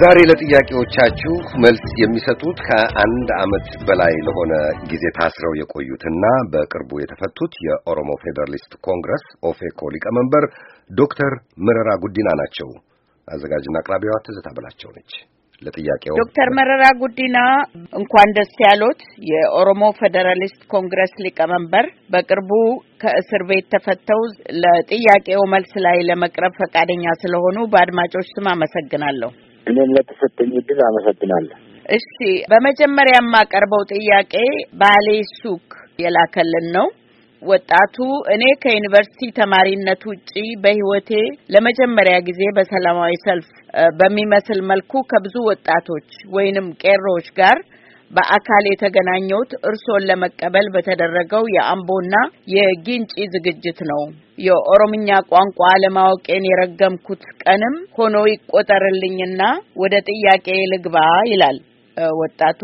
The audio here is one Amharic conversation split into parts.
ዛሬ ለጥያቄዎቻችሁ መልስ የሚሰጡት ከአንድ ዓመት በላይ ለሆነ ጊዜ ታስረው የቆዩትና በቅርቡ የተፈቱት የኦሮሞ ፌዴራሊስት ኮንግረስ ኦፌኮ ሊቀመንበር ዶክተር መረራ ጉዲና ናቸው። አዘጋጅና አቅራቢዋ ትዝታ በላቸው ነች። ለጥያቄው ዶክተር መረራ ጉዲና እንኳን ደስ ያሎት። የኦሮሞ ፌዴራሊስት ኮንግረስ ሊቀመንበር በቅርቡ ከእስር ቤት ተፈተው ለጥያቄው መልስ ላይ ለመቅረብ ፈቃደኛ ስለሆኑ በአድማጮች ስም አመሰግናለሁ። እኔም ለተሰጠኝ እድል አመሰግናለሁ። እሺ በመጀመሪያ የማቀርበው ጥያቄ ባሌ ሱክ የላከልን ነው። ወጣቱ እኔ ከዩኒቨርሲቲ ተማሪነት ውጪ በህይወቴ ለመጀመሪያ ጊዜ በሰላማዊ ሰልፍ በሚመስል መልኩ ከብዙ ወጣቶች ወይንም ቄሮዎች ጋር በአካል የተገናኘሁት እርሶን ለመቀበል በተደረገው የአምቦና የጊንጪ ዝግጅት ነው። የኦሮምኛ ቋንቋ አለማወቄን የረገምኩት ቀንም ሆኖ ይቆጠርልኝና ወደ ጥያቄ ልግባ ይላል ወጣቱ።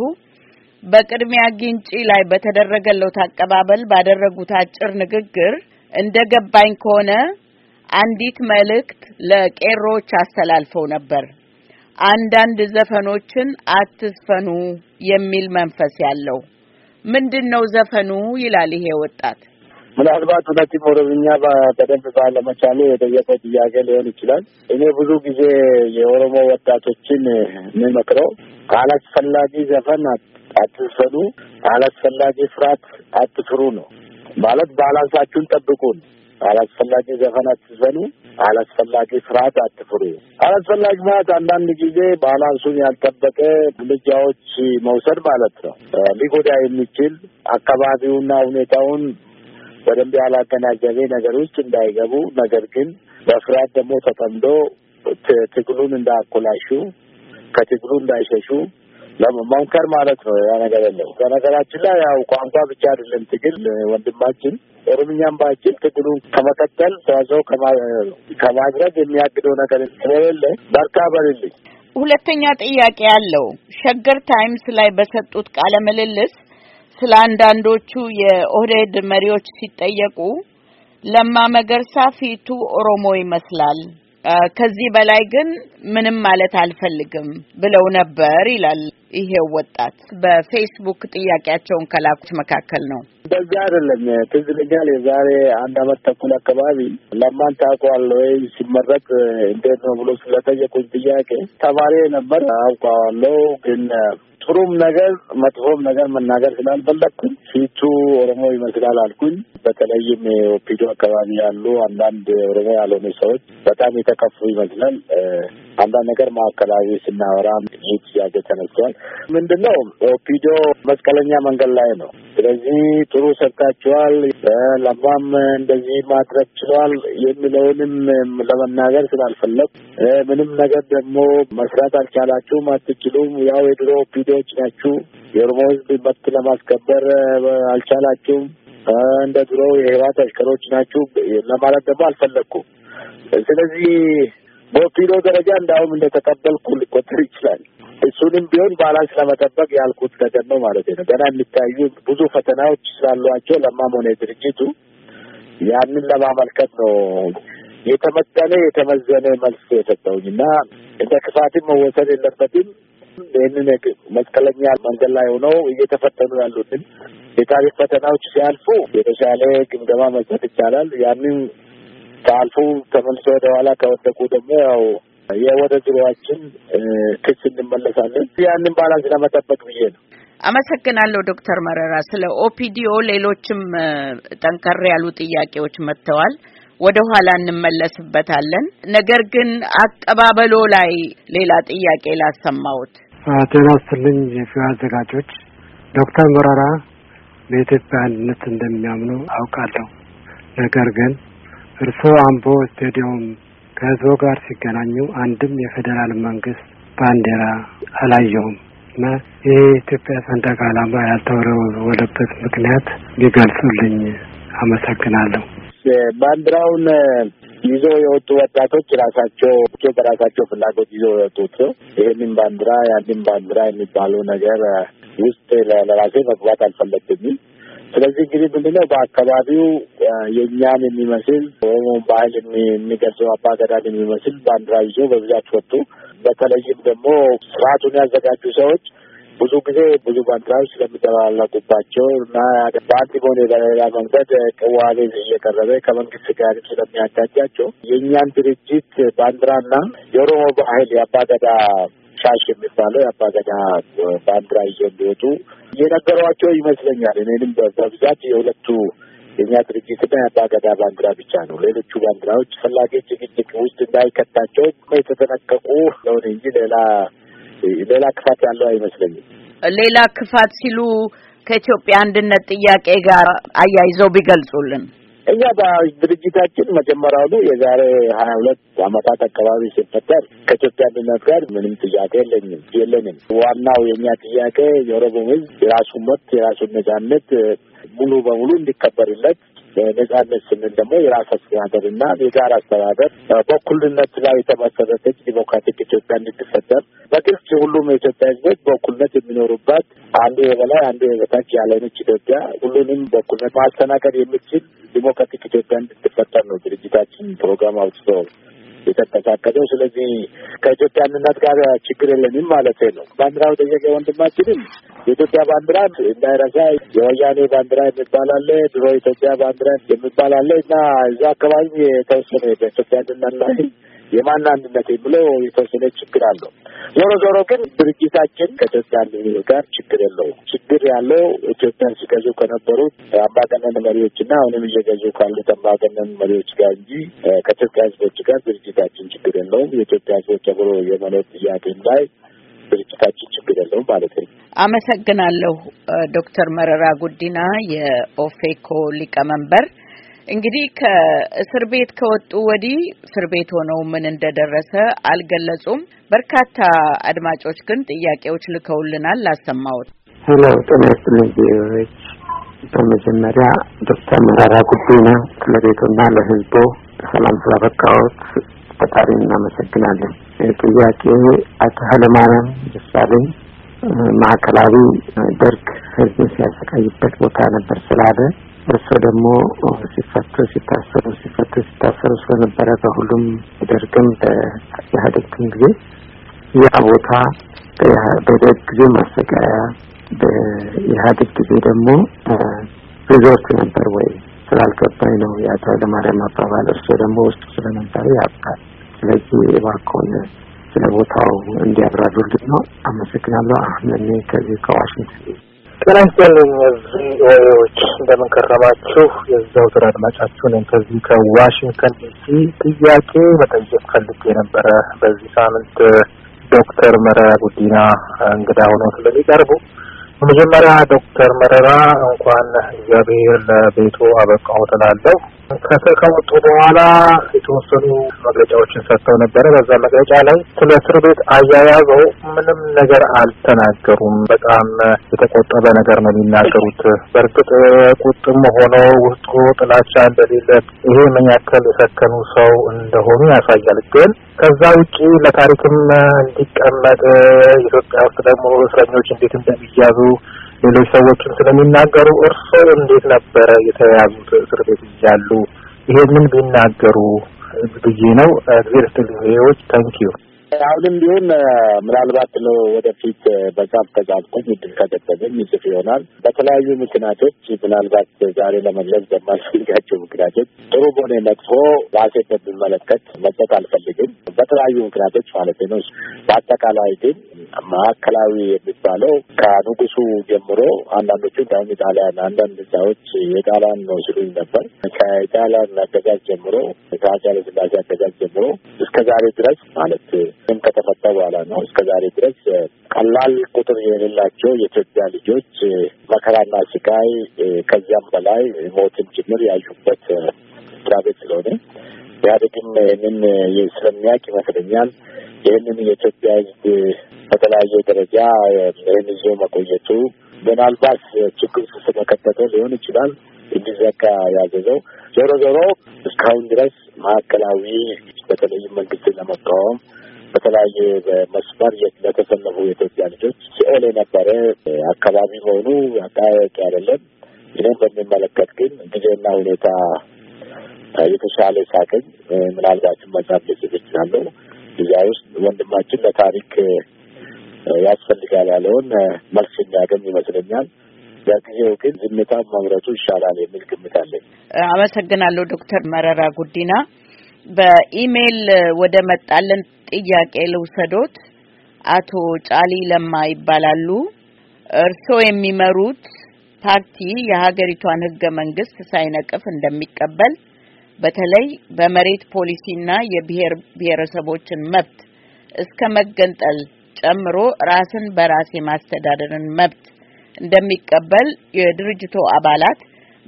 በቅድሚያ ጊንጪ ላይ በተደረገለት አቀባበል ባደረጉት አጭር ንግግር እንደገባኝ ከሆነ አንዲት መልእክት ለቄሮች አስተላልፈው ነበር። አንዳንድ ዘፈኖችን አትዝፈኑ የሚል መንፈስ ያለው ምንድን ነው ዘፈኑ ይላል ይሄ ወጣት። ምናልባት እውነትም ኦሮምኛ በደንብ ባለመቻሌ የጠየቀው ጥያቄ ሊሆን ይችላል። እኔ ብዙ ጊዜ የኦሮሞ ወጣቶችን የሚመክረው ካላስፈላጊ ዘፈን አትዝፈኑ፣ ካላስፈላጊ ፍርሃት አትፍሩ ነው ማለት ባላንሳችሁን ጠብቁ ነው። ካላስፈላጊ ዘፈን አትዝፈኑ አላስፈላጊ ፍርሃት አትፍሩ። አላስፈላጊ ፍርሃት አንዳንድ ጊዜ ባላንሱን ያልጠበቀ እርምጃዎች መውሰድ ማለት ነው። ሊጎዳ የሚችል አካባቢውና ሁኔታውን በደንብ ያላገናዘበ ነገር ውስጥ እንዳይገቡ፣ ነገር ግን በፍርሃት ደግሞ ተጠምዶ ትግሉን እንዳያኮላሹ፣ ከትግሉ እንዳይሸሹ ለመሞከር ማለት ነው። ያ ነገር የለም። ከነገራችን ላይ ያው ቋንቋ ብቻ አይደለም ትግል ወንድማችን ኦሮምኛም ባችል ትግሉ ከመቀጠል ተዋጽኦ ከማድረግ የሚያግደው ነገር ስለሌለ በርካ በልልኝ። ሁለተኛ ጥያቄ ያለው ሸገር ታይምስ ላይ በሰጡት ቃለ ምልልስ ስለ አንዳንዶቹ የኦህዴድ መሪዎች ሲጠየቁ ለማ መገርሳ ፊቱ ኦሮሞ ይመስላል፣ ከዚህ በላይ ግን ምንም ማለት አልፈልግም ብለው ነበር ይላል። ይሄ ወጣት በፌስቡክ ጥያቄያቸውን ከላኩት መካከል ነው። በዛ አይደለም ትዝ ይለኛል። የዛሬ አንድ አመት ተኩል አካባቢ ለማን ታውቋል ወይ ሲመረጥ እንዴት ነው ብሎ ስለጠየቁኝ ጥያቄ ተማሪ ነበር አውቀዋለሁ ግን ጥሩም ነገር መጥፎም ነገር መናገር ስላልፈለግኩኝ ፊቱ ኦሮሞ ይመስላል አልኩኝ። በተለይም ኦፒዶ አካባቢ ያሉ አንዳንድ ኦሮሞ ያልሆኑ ሰዎች በጣም የተከፉ ይመስላል። አንዳንድ ነገር ማዕከላዊ ስናወራ ይህ ጥያቄ ተነስቷል። ምንድነው ኦፒዶ መስቀለኛ መንገድ ላይ ነው። ስለዚህ ጥሩ ሰርታችኋል፣ ለማም እንደዚህ ማድረግ ችሏል የሚለውንም ለመናገር ስላልፈለግ ምንም ነገር ደግሞ መስራት አልቻላችሁም፣ አትችሉም፣ ያው የድሮ ኦፒዶዎች ናችሁ፣ የኦሮሞ ህዝብ መብት ለማስከበር አልቻላችሁም፣ እንደ ድሮ የህወሓት አሽከሮች ናችሁ ለማለት ደግሞ አልፈለግኩም። ስለዚህ በኪሎ ደረጃ እንዳውም እንደተቀበልኩ ሊቆጠር ይችላል። እሱንም ቢሆን ባላንስ ለመጠበቅ ያልኩት ነገር ነው ማለት ነው። ገና የሚታዩ ብዙ ፈተናዎች ስላሏቸው ለማም ሆነ ድርጅቱ ያንን ለማመልከት ነው የተመጠነ የተመዘነ መልስ የሰጠውኝ እና እንደ ክፋትም መወሰድ የለበትም። ይህንን መስቀለኛ መንገድ ላይ ሆነው እየተፈተኑ ያሉትን የታሪክ ፈተናዎች ሲያልፉ የተሻለ ግምገማ መስጠት ይቻላል። ያንን ታልፎ ተመልሶ ወደኋላ ከወደቁ ደግሞ ያው የወደ ክስ እንመለሳለን። ያንን ባላንስ ለመጠበቅ ብዬ ነው። አመሰግናለሁ ዶክተር መረራ ስለ ኦፒዲኦ። ሌሎችም ጠንከር ያሉ ጥያቄዎች መጥተዋል። ወደ ኋላ እንመለስበታለን። ነገር ግን አቀባበሎ ላይ ሌላ ጥያቄ ላሰማሁት። ጤና ይስጥልኝ የቪኦኤ አዘጋጆች። ዶክተር መረራ በኢትዮጵያ አንድነት እንደሚያምኑ አውቃለሁ። ነገር ግን እርስዎ አምቦ ስቴዲየም ከህዝቡ ጋር ሲገናኙ አንድም የፌዴራል መንግስት ባንዲራ አላየውም እና ይህ የኢትዮጵያ ሰንደቅ ዓላማ ያልተወረወለበት ምክንያት ሊገልጹልኝ አመሰግናለሁ። ባንዲራውን ይዞ የወጡ ወጣቶች ራሳቸው በራሳቸው ፍላጎት ይዞ የወጡት ይህንን ባንዲራ ያንን ባንዲራ የሚባለው ነገር ውስጥ ለራሴ መግባት አልፈለግኝም። ስለዚህ እንግዲህ ምንድነው በአካባቢው የእኛን የሚመስል ኦሮሞን ባህል የሚገልጸው አባገዳን የሚመስል ባንዲራ ይዞ በብዛት ወጡ። በተለይም ደግሞ ስርዓቱን ያዘጋጁ ሰዎች ብዙ ጊዜ ብዙ ባንዲራዎች ስለሚደባለቁባቸው እና በአንድ ሆነ በሌላ መንገድ ቅዋሌ እየቀረበ ከመንግስት ጋር ስለሚያጋጃቸው የእኛን ድርጅት ባንዲራና የኦሮሞ ባህል የአባገዳ ሻሽ የሚባለው የአባገዳ ባንዲራ ይዘው እንዲወጡ እየነገሯቸው ይመስለኛል። እኔንም በብዛት የሁለቱ የኛ ድርጅትና የአባገዳ ባንዲራ ብቻ ነው። ሌሎቹ ባንዲራዎች ፈላጊ ጭቅጭቅ ውስጥ እንዳይከታቸው የተጠነቀቁ ለሆነ እንጂ ሌላ ሌላ ክፋት ያለው አይመስለኝም። ሌላ ክፋት ሲሉ ከኢትዮጵያ አንድነት ጥያቄ ጋር አያይዘው ቢገልጹልን እኛ በድርጅታችን መጀመሪያ መጀመሪያውኑ የዛሬ ሀያ ሁለት አመታት አካባቢ ሲፈጠር ከኢትዮጵያ አንድነት ጋር ምንም ጥያቄ የለኝም የለንም። ዋናው የእኛ ጥያቄ የኦሮሞ ህዝብ የራሱን መብት የራሱን ነጻነት ሙሉ በሙሉ እንዲከበርለት በነጻነት ስንል ደግሞ የራስ አስተዳደር እና የጋራ አስተዳደር በእኩልነት ላይ የተመሰረተች ዲሞክራቲክ ኢትዮጵያ እንድትፈጠር በግልጽ ሁሉም የኢትዮጵያ ሕዝቦች በእኩልነት የሚኖሩባት አንዱ የበላይ አንዱ የበታች ያለነች ኢትዮጵያ ሁሉንም በእኩልነት ማስተናገድ የምችል ዲሞክራቲክ ኢትዮጵያ እንድትፈጠር ነው ድርጅታችን ፕሮግራም አውጥቶ የተጠቃቀደው። ስለዚህ ከኢትዮጵያ ከኢትዮጵያንነት ጋር ችግር የለንም ማለት ነው። ባንዲራው ጠየቀ ወንድማችንም የኢትዮጵያ ባንዲራ እንዳይረሳ የወያኔ ባንዲራ የሚባል አለ፣ ድሮ ኢትዮጵያ ባንዲራ የሚባል አለ እና እዛ አካባቢ የተወሰነ በኢትዮጵያ በኢትዮጵያንነት ላይ የማን አንድነት የሚለው የተወሰነ ችግር አለው። ዞሮ ዞሮ ግን ድርጅታችን ከኢትዮጵያ ጋር ችግር የለውም። ችግር ያለው ኢትዮጵያን ሲገዙ ከነበሩት አምባገነን መሪዎችና አሁንም እየገዙ ካሉት አምባገነን መሪዎች ጋር እንጂ ከኢትዮጵያ ሕዝቦች ጋር ድርጅታችን ችግር የለውም። የኢትዮጵያ ሕዝቦች አብሮ የመኖር ጥያቄም ላይ ድርጅታችን ችግር የለውም ማለት ነው። አመሰግናለሁ ዶክተር መረራ ጉዲና የኦፌኮ ሊቀመንበር እንግዲህ ከእስር ቤት ከወጡ ወዲህ እስር ቤት ሆነው ምን እንደደረሰ አልገለጹም። በርካታ አድማጮች ግን ጥያቄዎች ልከውልናል። ላሰማሁት። ሄሎ ጥናት ይስጥልኝ በመጀመሪያ ዶክተር መራራ ጉዲና ለቤቱና ለሕዝቡ ሰላም ስላበቃዎት ፈጣሪ እናመሰግናለን። ጥያቄ አቶ ኃይለማርያም ደሳለኝ ማዕከላዊ ደርግ ህዝብ ሲያሰቃይበት ቦታ ነበር ስላለ እሱ ደግሞ ሲፈቱ ሲታሰሩ ሲፈቱ ሲታሰሩ ስለነበረ ከሁሉም በደርግም በኢህአዴግም ጊዜ ያ ቦታ በደርግ ጊዜ ማሰቃያ፣ በኢህአዴግ ጊዜ ደግሞ ሪዞርት ነበር ወይ ስላልገባኝ ነው የአቶ ኃይለማርያም አባባል። እርሶ ደግሞ ውስጡ ስለነበረ ያውቃል። ስለዚህ እባክዎን ስለ ቦታው እንዲያብራሩልን ነው። አመሰግናለሁ። አሁን እኔ ከዚህ ከዋሽንግተን ጤና ይስጥልኝ ቪኦኤዎች እንደምን ከረማችሁ? የዘወትር አድማጫችሁ ነኝ ከዚህ ከዋሽንግተን ዲሲ። ጥያቄ መጠየቅ ፈልጌ የነበረ በዚህ ሳምንት ዶክተር መረራ ጉዲና እንግዳ ሆኖ ስለሚቀርቡ በመጀመሪያ ዶክተር መረራ እንኳን እግዚአብሔር ለቤቱ አበቃው ትላለሁ። ከተቀመጡ በኋላ የተወሰኑ መግለጫዎችን ሰጥተው ነበረ። በዛ መግለጫ ላይ ስለ እስር ቤት አያያዘው ምንም ነገር አልተናገሩም። በጣም የተቆጠበ ነገር ነው የሚናገሩት። በእርግጥ ቁጥም ሆኖ ውስጡ ጥላቻ እንደሌለ ይሄ ምን ያክል የሰከኑ ሰው እንደሆኑ ያሳያል። ግን ከዛ ውጪ ለታሪክም እንዲቀመጥ ኢትዮጵያ ውስጥ ደግሞ እስረኞች እንዴት እንደሚያዙ ሌሎች ሰዎችን ስለሚናገሩ እርስዎ እንዴት ነበረ የተያዙት እስር ቤት እያሉ ይሄንን ቢናገሩ ብዬ ነው። እግዜር ስትልዎች ታንኪዩ አሁንም ቢሆን ምናልባት ነው ወደፊት በዛም ተጋብተን እድል ከገጠመኝ ይጽፍ ይሆናል። በተለያዩ ምክንያቶች ምናልባት ዛሬ ለመለስ በማልፈልጋቸው ምክንያቶች ጥሩ በሆነ መጥፎ ራሴ በሚመለከት መጠቅ አልፈልግም። በተለያዩ ምክንያቶች ማለት ነው። በአጠቃላይ ግን ማዕከላዊ የሚባለው ከንጉሱ ጀምሮ አንዳንዶቹ ዳሁም ጣሊያን አንዳንድ ሰዎች የጣሊያን ነው ስሉኝ ነበር። ከጣሊያን አገዛዝ ጀምሮ ከአፄ ሥላሴ አገዛዝ ጀምሮ እስከ ዛሬ ድረስ ማለት ይህም ከተፈታ በኋላ ነው እስከ ዛሬ ድረስ ቀላል ቁጥር የሌላቸው የኢትዮጵያ ልጆች መከራና ስቃይ ከዚያም በላይ ሞትን ጭምር ያዩበት ድራቤት ስለሆነ ኢህአዴግም ይህንን ስለሚያውቅ ይመስለኛል ይህንን የኢትዮጵያ ሕዝብ በተለያየ ደረጃ ይህን ይዞ መቆየቱ ምናልባት ችግር ውስጥ ስለከተተው ሊሆን ይችላል እንዲዘጋ ያዘዘው። ዞሮ ዞሮ እስካሁን ድረስ ማዕከላዊ በተለይም መንግስትን ለመቃወም በተለያየ በመስመር ለተሰለፉ የኢትዮጵያ ልጆች ሲኦል የነበረ አካባቢ ሆኑ አጠያያቂ አይደለም። ይህንን በሚመለከት ግን ጊዜና ሁኔታ የተሻለ ሳገኝ ምናልባትም መጽሐፍ ልጽፍ እችላለሁ። እዚያ ውስጥ ወንድማችን ለታሪክ ያስፈልጋል ያለውን መልስ የሚያገኝ ይመስለኛል። በጊዜው ግን ዝምታ መምረጡ ይሻላል የሚል ግምት አለኝ። አመሰግናለሁ ዶክተር መረራ ጉዲና በኢሜይል ወደ መጣለን ጥያቄ ልውሰዶት። አቶ ጫሊ ለማ ይባላሉ። እርስዎ የሚመሩት ፓርቲ የሀገሪቷን ህገ መንግስት ሳይነቅፍ እንደሚቀበል በተለይ በመሬት ፖሊሲና የብሔር ብሔረሰቦችን መብት እስከ መገንጠል ጨምሮ ራስን በራስ የማስተዳደርን መብት እንደሚቀበል የድርጅቱ አባላት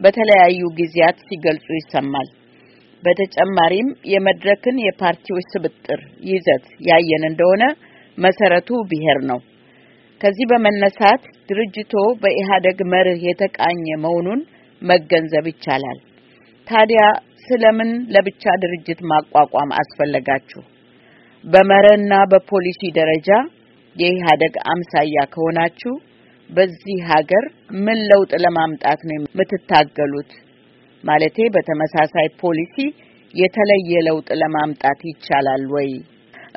በተለያዩ ጊዜያት ሲገልጹ ይሰማል። በተጨማሪም የመድረክን የፓርቲዎች ስብጥር ይዘት ያየን እንደሆነ መሰረቱ ብሔር ነው። ከዚህ በመነሳት ድርጅቶ በኢህአደግ መርህ የተቃኘ መሆኑን መገንዘብ ይቻላል። ታዲያ ስለምን ለብቻ ድርጅት ማቋቋም አስፈለጋችሁ? በመርህና በፖሊሲ ደረጃ የኢህአደግ አምሳያ ከሆናችሁ በዚህ ሀገር ምን ለውጥ ለማምጣት ነው የምትታገሉት? ማለቴ በተመሳሳይ ፖሊሲ የተለየ ለውጥ ለማምጣት ይቻላል ወይ?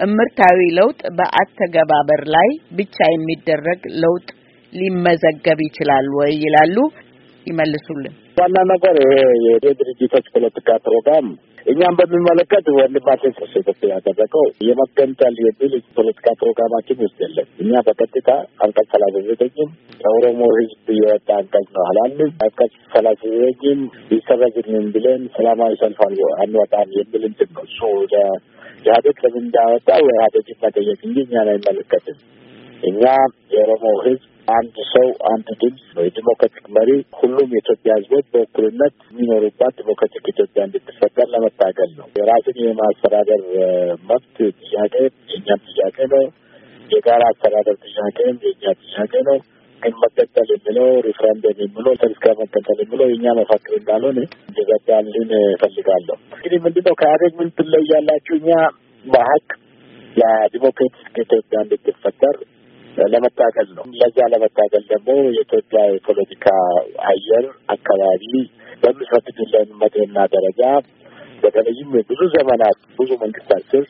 እምርታዊ ለውጥ በአተገባበር ላይ ብቻ የሚደረግ ለውጥ ሊመዘገብ ይችላል ወይ ይላሉ። ይመልሱልን። ዋና ነገር ይሄ የድርጅቶች ፖለቲካ ፕሮግራም እኛም በሚመለከት ወንድማችን ስብስብ ያደረገው የመገንጠል የሚል ፖለቲካ ፕሮግራማችን ውስጥ የለም። እኛ በቀጥታ አንቀጽ ሰላሳ ዘጠኝም ከኦሮሞ ህዝብ የወጣ አንቀጽ ነው አላልን። አንቀጽ ሰላሳ ዘጠኝም ይሰረዝልን ብለን ሰላማዊ ሰልፍ አንወጣም የሚል እንትን ነው እሱ ኢህአዴግ ለምን እንዳወጣ ኢህአዴግ መጠየቅ እንጂ እኛን አይመለከትም። እኛ የኦሮሞ ህዝብ አንድ ሰው አንድ ድምፅ ነው። የዲሞክራቲክ መሪ ሁሉም የኢትዮጵያ ህዝቦች በእኩልነት የሚኖሩባት ዲሞክራቲክ ኢትዮጵያ እንድትፈጠር ለመታገል ነው። የራስን የማስተዳደር መብት ጥያቄ የእኛም ጥያቄ ነው። የጋራ አስተዳደር ጥያቄም የእኛ ጥያቄ ነው። ግን መቀጠል የሚለው ሪፍረንደም የሚለው ተስካ መቀጠል የሚለው የእኛ መፈክር እንዳልሆነ እንዲዘጋልን እፈልጋለሁ። እንግዲህ ምንድን ነው ከኢህአዴግ ምን ትለያላችሁ? እኛ በሀቅ ለዲሞክራቲክ ኢትዮጵያ እንድትፈጠር ለመታገል ነው። ለዛ ለመታገል ደግሞ የኢትዮጵያ የፖለቲካ አየር አካባቢ በሚፈቅድልን መጠንና ደረጃ በተለይም ብዙ ዘመናት ብዙ መንግስታት ስር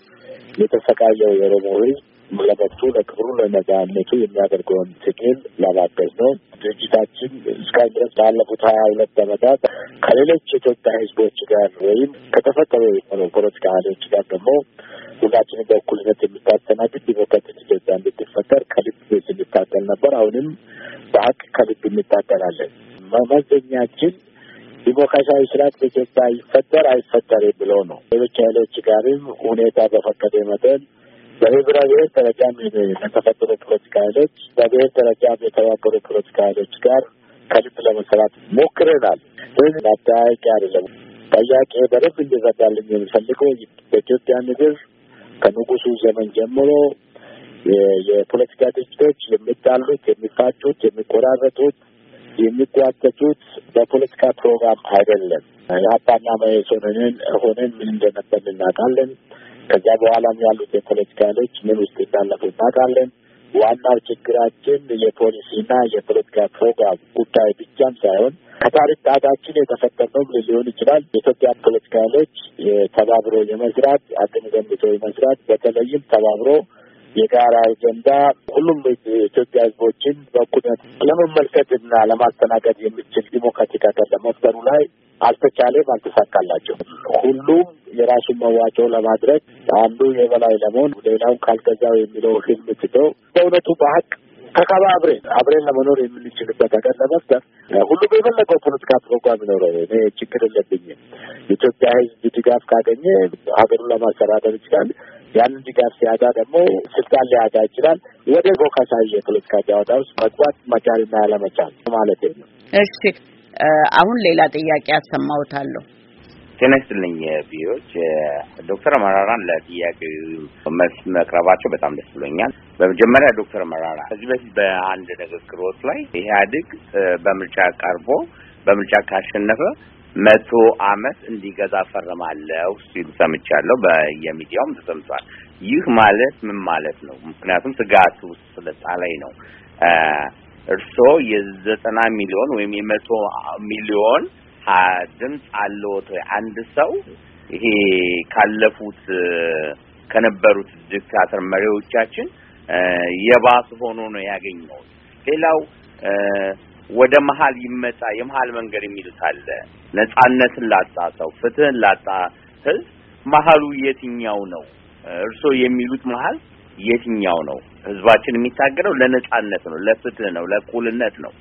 የተሰቃየው የኦሮሞ ህዝብ ለመብቱ ለክብሩ ለነጻነቱ የሚያደርገውን ትግል ለማገዝ ነው። ድርጅታችን እስካሁን ድረስ ባለፉት ሀያ ሁለት ዓመታት ከሌሎች የኢትዮጵያ ሕዝቦች ጋር ወይም ከተፈጠሩ የሆነ ፖለቲካ ኃይሎች ጋር ደግሞ ሁላችንም በእኩልነት የምታስተናግድ ዲሞክራቲክ ኢትዮጵያ እንድትፈጠር ከልብ ስንታገል ነበር። አሁንም በሀቅ ከልብ እንታገላለን። መመዘኛችን ዲሞክራሲያዊ ስርዓት በኢትዮጵያ ይፈጠር አይፈጠር ብለው ነው። ሌሎች ኃይሎች ጋርም ሁኔታ በፈቀደ መጠን በህብረ ብሔር ደረጃም የተፈጠሩ ፖለቲካ ኃይሎች በብሔር ደረጃም የተባበሩ ፖለቲካ ኃይሎች ጋር ከልብ ለመሰራት ሞክረናል። ህዝብ አጠያቂ አይደለም። ጠያቄ በደንብ እንዲረዳልኝ የሚፈልገው በኢትዮጵያ ምድር ከንጉሱ ዘመን ጀምሮ የፖለቲካ ድርጅቶች የሚጣሉት፣ የሚፋጩት፣ የሚቆራረጡት፣ የሚጓተቱት በፖለቲካ ፕሮግራም አይደለም። የአባና መኢሶን ሆነን ምን እንደነበር እናውቃለን። ከዛ በኋላም ያሉት የፖለቲካ ኃይሎች ምን ውስጥ እንዳለፉ እናውቃለን። ዋናው ችግራችን የፖሊሲና የፖለቲካ ፕሮግራም ጉዳይ ብቻም ሳይሆን ከታሪክ ጣጣችን የተፈጠርነውም ሊሆን ይችላል። የኢትዮጵያ ፖለቲካ ኃይሎች ተባብሮ የመስራት አቅም ገንብቶ የመስራት በተለይም ተባብሮ የጋራ አጀንዳ ሁሉም የኢትዮጵያ ህዝቦችን ለመመልከት ለመመልከትና ለማስተናገድ የሚችል ዲሞክራቲክ ሀገር ለመፍጠሩ ላይ አልተቻለም፣ አልተሳካላቸው። ሁሉም የራሱን መዋጮ ለማድረግ አንዱ የበላይ ለመሆን ሌላውን ካልገዛው የሚለው ህልም ትቶ በእውነቱ በሀቅ ከካባ አብሬን አብሬን ለመኖር የምንችልበት ሀገር ለመፍጠር ሁሉም የፈለገው ፖለቲካ ፕሮግራም ይኖረ እኔ ችግር የለብኝም። የኢትዮጵያ ህዝብ ድጋፍ ካገኘ ሀገሩን ለማስተዳደር ይችላል። ያንን ድጋፍ ሲያጣ ደግሞ ስልጣን ሊያጣ ይችላል። ወደ ቦካሳ የፖለቲካ ጨዋታ ውስጥ መግባት መቻልና ያለመቻል ማለት ነው። እሺ አሁን ሌላ ጥያቄ አሰማውታለሁ። ጤና ይስጥልኝ ቪዎች ዶክተር መራራን ለጥያቄው መልስ መቅረባቸው በጣም ደስ ብሎኛል። በመጀመሪያ ዶክተር መራራ ከዚህ በፊት በአንድ ንግግሮት ላይ ኢህአዴግ በምርጫ ቀርቦ በምርጫ ካሸነፈ መቶ አመት እንዲገዛ ፈርማለሁ ሲሉ ሰምቻለሁ። በየሚዲያውም ተሰምቷል። ይህ ማለት ምን ማለት ነው? ምክንያቱም ስጋት ውስጥ ስለጣለኝ ነው። እርስዎ የዘጠና ሚሊዮን ወይም የመቶ ሚሊዮን ድምፅ አለዎት? አንድ ሰው ይሄ ካለፉት ከነበሩት ዲክታተር መሪዎቻችን የባስ ሆኖ ነው ያገኘው። ሌላው ወደ መሀል ይመጣ የመሀል መንገድ የሚሉት አለ። ነጻነትን ላጣ ሰው፣ ፍትህን ላጣ ህዝብ መሀሉ የትኛው ነው? እርስዎ የሚሉት መሀል የትኛው ነው? ህዝባችን የሚታገለው ለነጻነት ነው፣ ለፍትህ ነው፣ ለእኩልነት ነው።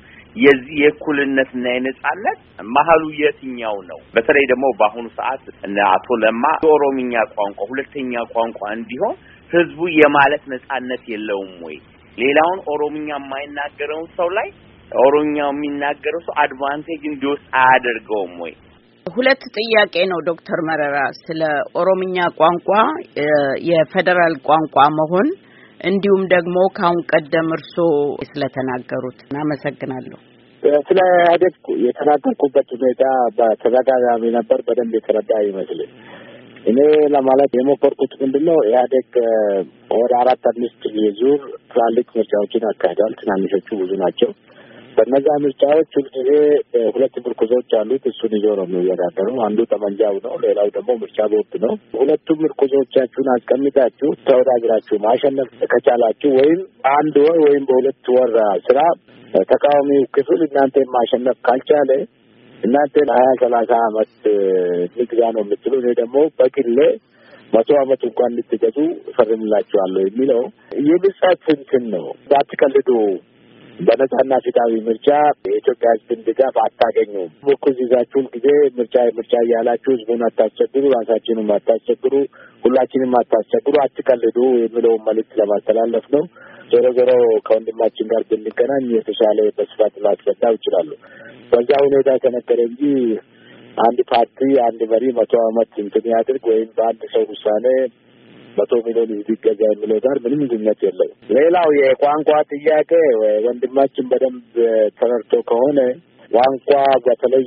የዚህ የእኩልነትና የነጻነት መሀሉ የትኛው ነው? በተለይ ደግሞ በአሁኑ ሰዓት እነ አቶ ለማ የኦሮምኛ ቋንቋ ሁለተኛ ቋንቋ እንዲሆን ህዝቡ የማለት ነጻነት የለውም ወይ? ሌላውን ኦሮምኛ የማይናገረውን ሰው ላይ ኦሮኛው የሚናገረው ሰው አድቫንቴጅ እንዲወስድ አያደርገውም ወይ? ሁለት ጥያቄ ነው ዶክተር መረራ ስለ ኦሮምኛ ቋንቋ የፌዴራል ቋንቋ መሆን እንዲሁም ደግሞ ከአሁን ቀደም እርስዎ ስለተናገሩት እናመሰግናለሁ። ስለ አደግ የተናገርኩበት ሁኔታ በተደጋጋሚ ነበር። በደንብ የተረዳ ይመስልኝ እኔ ለማለት የሞከርኩት ምንድን ነው ኢህአዴግ ወደ አራት አምስት የዙር ትላልቅ ምርጫዎችን አካሂደዋል። ትናንሾቹ ብዙ ናቸው። በነዛ ምርጫዎች ሁልጊዜ ሁለት ምርኩዞች አሉት። እሱን ይዞ ነው የሚወዳደሩ። አንዱ ጠመንጃው ነው፣ ሌላው ደግሞ ምርጫ ቦርድ ነው። ሁለቱም ምርኩዞቻችሁን አስቀምጣችሁ ተወዳድራችሁ ማሸነፍ ከቻላችሁ ወይም አንድ ወር ወይም በሁለት ወር ስራ ተቃዋሚው ክፍል እናንተ ማሸነፍ ካልቻለ እናንተን ሀያ ሰላሳ አመት ንግዛ ነው የምትሉ እኔ ደግሞ በግሌ መቶ አመት እንኳን ልትገዙ እፈርምላችኋለሁ የሚለው የብጻት ስንትን ነው። ባትቀልዱ በነጻና ፊታዊ ምርጫ የኢትዮጵያ ህዝብን ድጋፍ አታገኙም። እኩል ይዛችሁን ጊዜ ምርጫ ምርጫ እያላችሁ ህዝቡን አታስቸግሩ፣ ራሳችንም አታስቸግሩ፣ ሁላችንም አታስቸግሩ፣ አትቀልዱ የሚለውን መልዕክት ለማስተላለፍ ነው። ዞሮ ዞሮ ከወንድማችን ጋር ብንገናኝ የተሻለ በስፋት ላስረዳው ይችላሉ። በዛ ሁኔታ ተነገረ እንጂ አንድ ፓርቲ አንድ መሪ መቶ አመት እንትን ያድርግ ወይም በአንድ ሰው ውሳኔ መቶ ሚሊዮን ህዝብ ይገዛ የሚለው ጋር ምንም ግንኙነት የለው። ሌላው የቋንቋ ጥያቄ ወንድማችን በደንብ ተረድቶ ከሆነ ቋንቋ በተለይ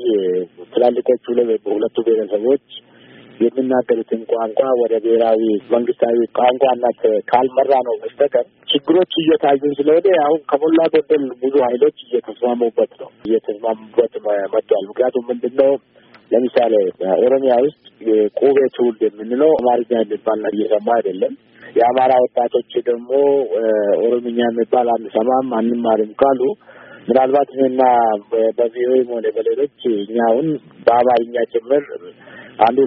ትላልቆቹ በሁለቱ ብሔረሰቦች የሚናገሩትን ቋንቋ ወደ ብሔራዊ መንግስታዊ ቋንቋነት ካልመራ ነው በስተቀር ችግሮች እየታዩ ስለሆነ አሁን ከሞላ ጎደል ብዙ ኃይሎች እየተስማሙበት ነው እየተስማሙበት መጥቷል። ምክንያቱም ምንድነው ለምሳሌ ኦሮሚያ ውስጥ የቆቤ ትውልድ የምንለው አማርኛ የሚባል እየሰማ አይደለም። የአማራ ወጣቶች ደግሞ ኦሮምኛ የሚባል አንሰማም አንማርም ካሉ ምናልባት እና በቪኦኤም ሆነ በሌሎች እኛውን በአማርኛ ጭምር አንዱ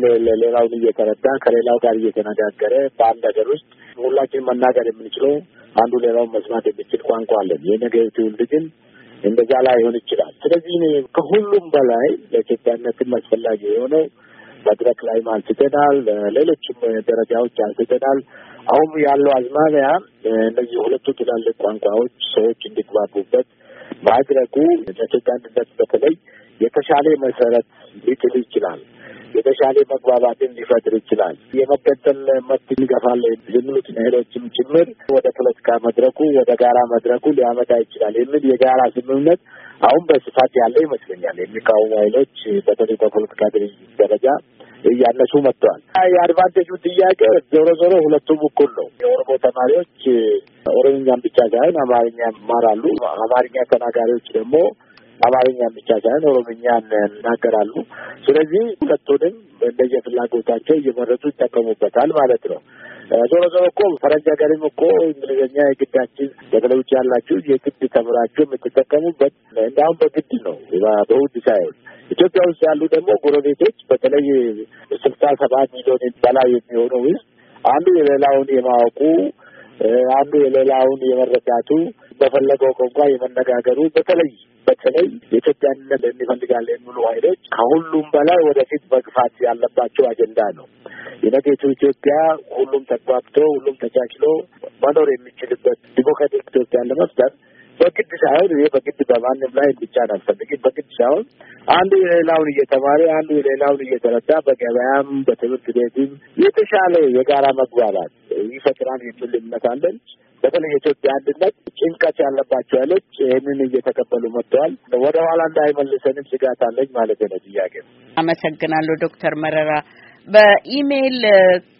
ሌላውን እየተረዳ ከሌላው ጋር እየተነጋገረ በአንድ ሀገር ውስጥ ሁላችን መናገር የምንችለው አንዱ ሌላውን መስማት የሚችል ቋንቋ አለን። የነገ ትውልድ ግን እንደዛ ላይሆን ይችላል። ስለዚህ ከሁሉም በላይ ለኢትዮጵያነትም አስፈላጊ የሆነው መድረክ ላይም አንስተናል፣ ሌሎችም ደረጃዎች አንስተናል። አሁን ያለው አዝማሚያ እነዚህ ሁለቱ ትላልቅ ቋንቋዎች ሰዎች እንዲግባቡበት ማድረጉ ለተጋንነት በተለይ የተሻለ መሰረት ሊጥል ይችላል። የተሻለ መግባባትን ሊፈጥር ይችላል። የመገንጠል መብት ይገፋል የሚሉት ኃይሎችም ጭምር ወደ ፖለቲካ መድረኩ ወደ ጋራ መድረኩ ሊያመጣ ይችላል የሚል የጋራ ስምምነት አሁን በስፋት ያለ ይመስለኛል። የሚቃወሙ ኃይሎች በተለይ በፖለቲካ ድርጅት ደረጃ እያነሱ መጥተዋል። የአድቫንቴጁ ጥያቄ ዞሮ ዞሮ ሁለቱም እኩል ነው። የኦሮሞ ተማሪዎች ኦሮምኛን ብቻ ሳይሆን አማርኛ ይማራሉ። አማርኛ ተናጋሪዎች ደግሞ አማርኛ ብቻ ሳይሆን ኦሮምኛ እናገራሉ። ስለዚህ ሁለቱንም እንደየፍላጎታቸው እየመረጡ ይጠቀሙበታል ማለት ነው። ዞሮ ዞሮ እኮ ፈረንጅ ሀገርም እኮ እንግሊዝኛ የግዳችን በተለይ ውጭ ያላችሁ የግድ ተምራችሁ የምትጠቀሙበት እንዲሁም በግድ ነው በውድ ሳይሆን ኢትዮጵያ ውስጥ ያሉ ደግሞ ጎረቤቶች በተለይ ስልሳ ሰባት ሚሊዮን በላይ የሚሆኑ ህዝብ አንዱ የሌላውን የማወቁ አንዱ የሌላውን የመረዳቱ በፈለገው ቋንቋ የመነጋገሩ በተለይ በተለይ የኢትዮጵያንነት እንፈልጋለን የሚሉ ኃይሎች ከሁሉም በላይ ወደፊት መግፋት ያለባቸው አጀንዳ ነው። የነገቱ ኢትዮጵያ ሁሉም ተግባብቶ ሁሉም ተቻችሎ መኖር የሚችልበት ዲሞክራቲክ ኢትዮጵያን ለመፍጠር በግድ ሳይሆን እኔ በግድ በማንም ላይ ብቻ አልፈልግም። በግድ ሳይሆን አንዱ የሌላውን እየተማረ አንዱ የሌላውን እየተረዳ በገበያም በትምህርት ቤትም የተሻለ የጋራ መግባባት ይፈጥራል የሚል እምነት አለን። በተለይ የኢትዮጵያ አንድነት ጭንቀት ያለባቸው ያለች ይህንን እየተቀበሉ መጥተዋል። ወደ ኋላ እንዳይመልሰንም ስጋት አለኝ ማለት ነው። ጥያቄ አመሰግናለሁ ዶክተር መረራ በኢሜይል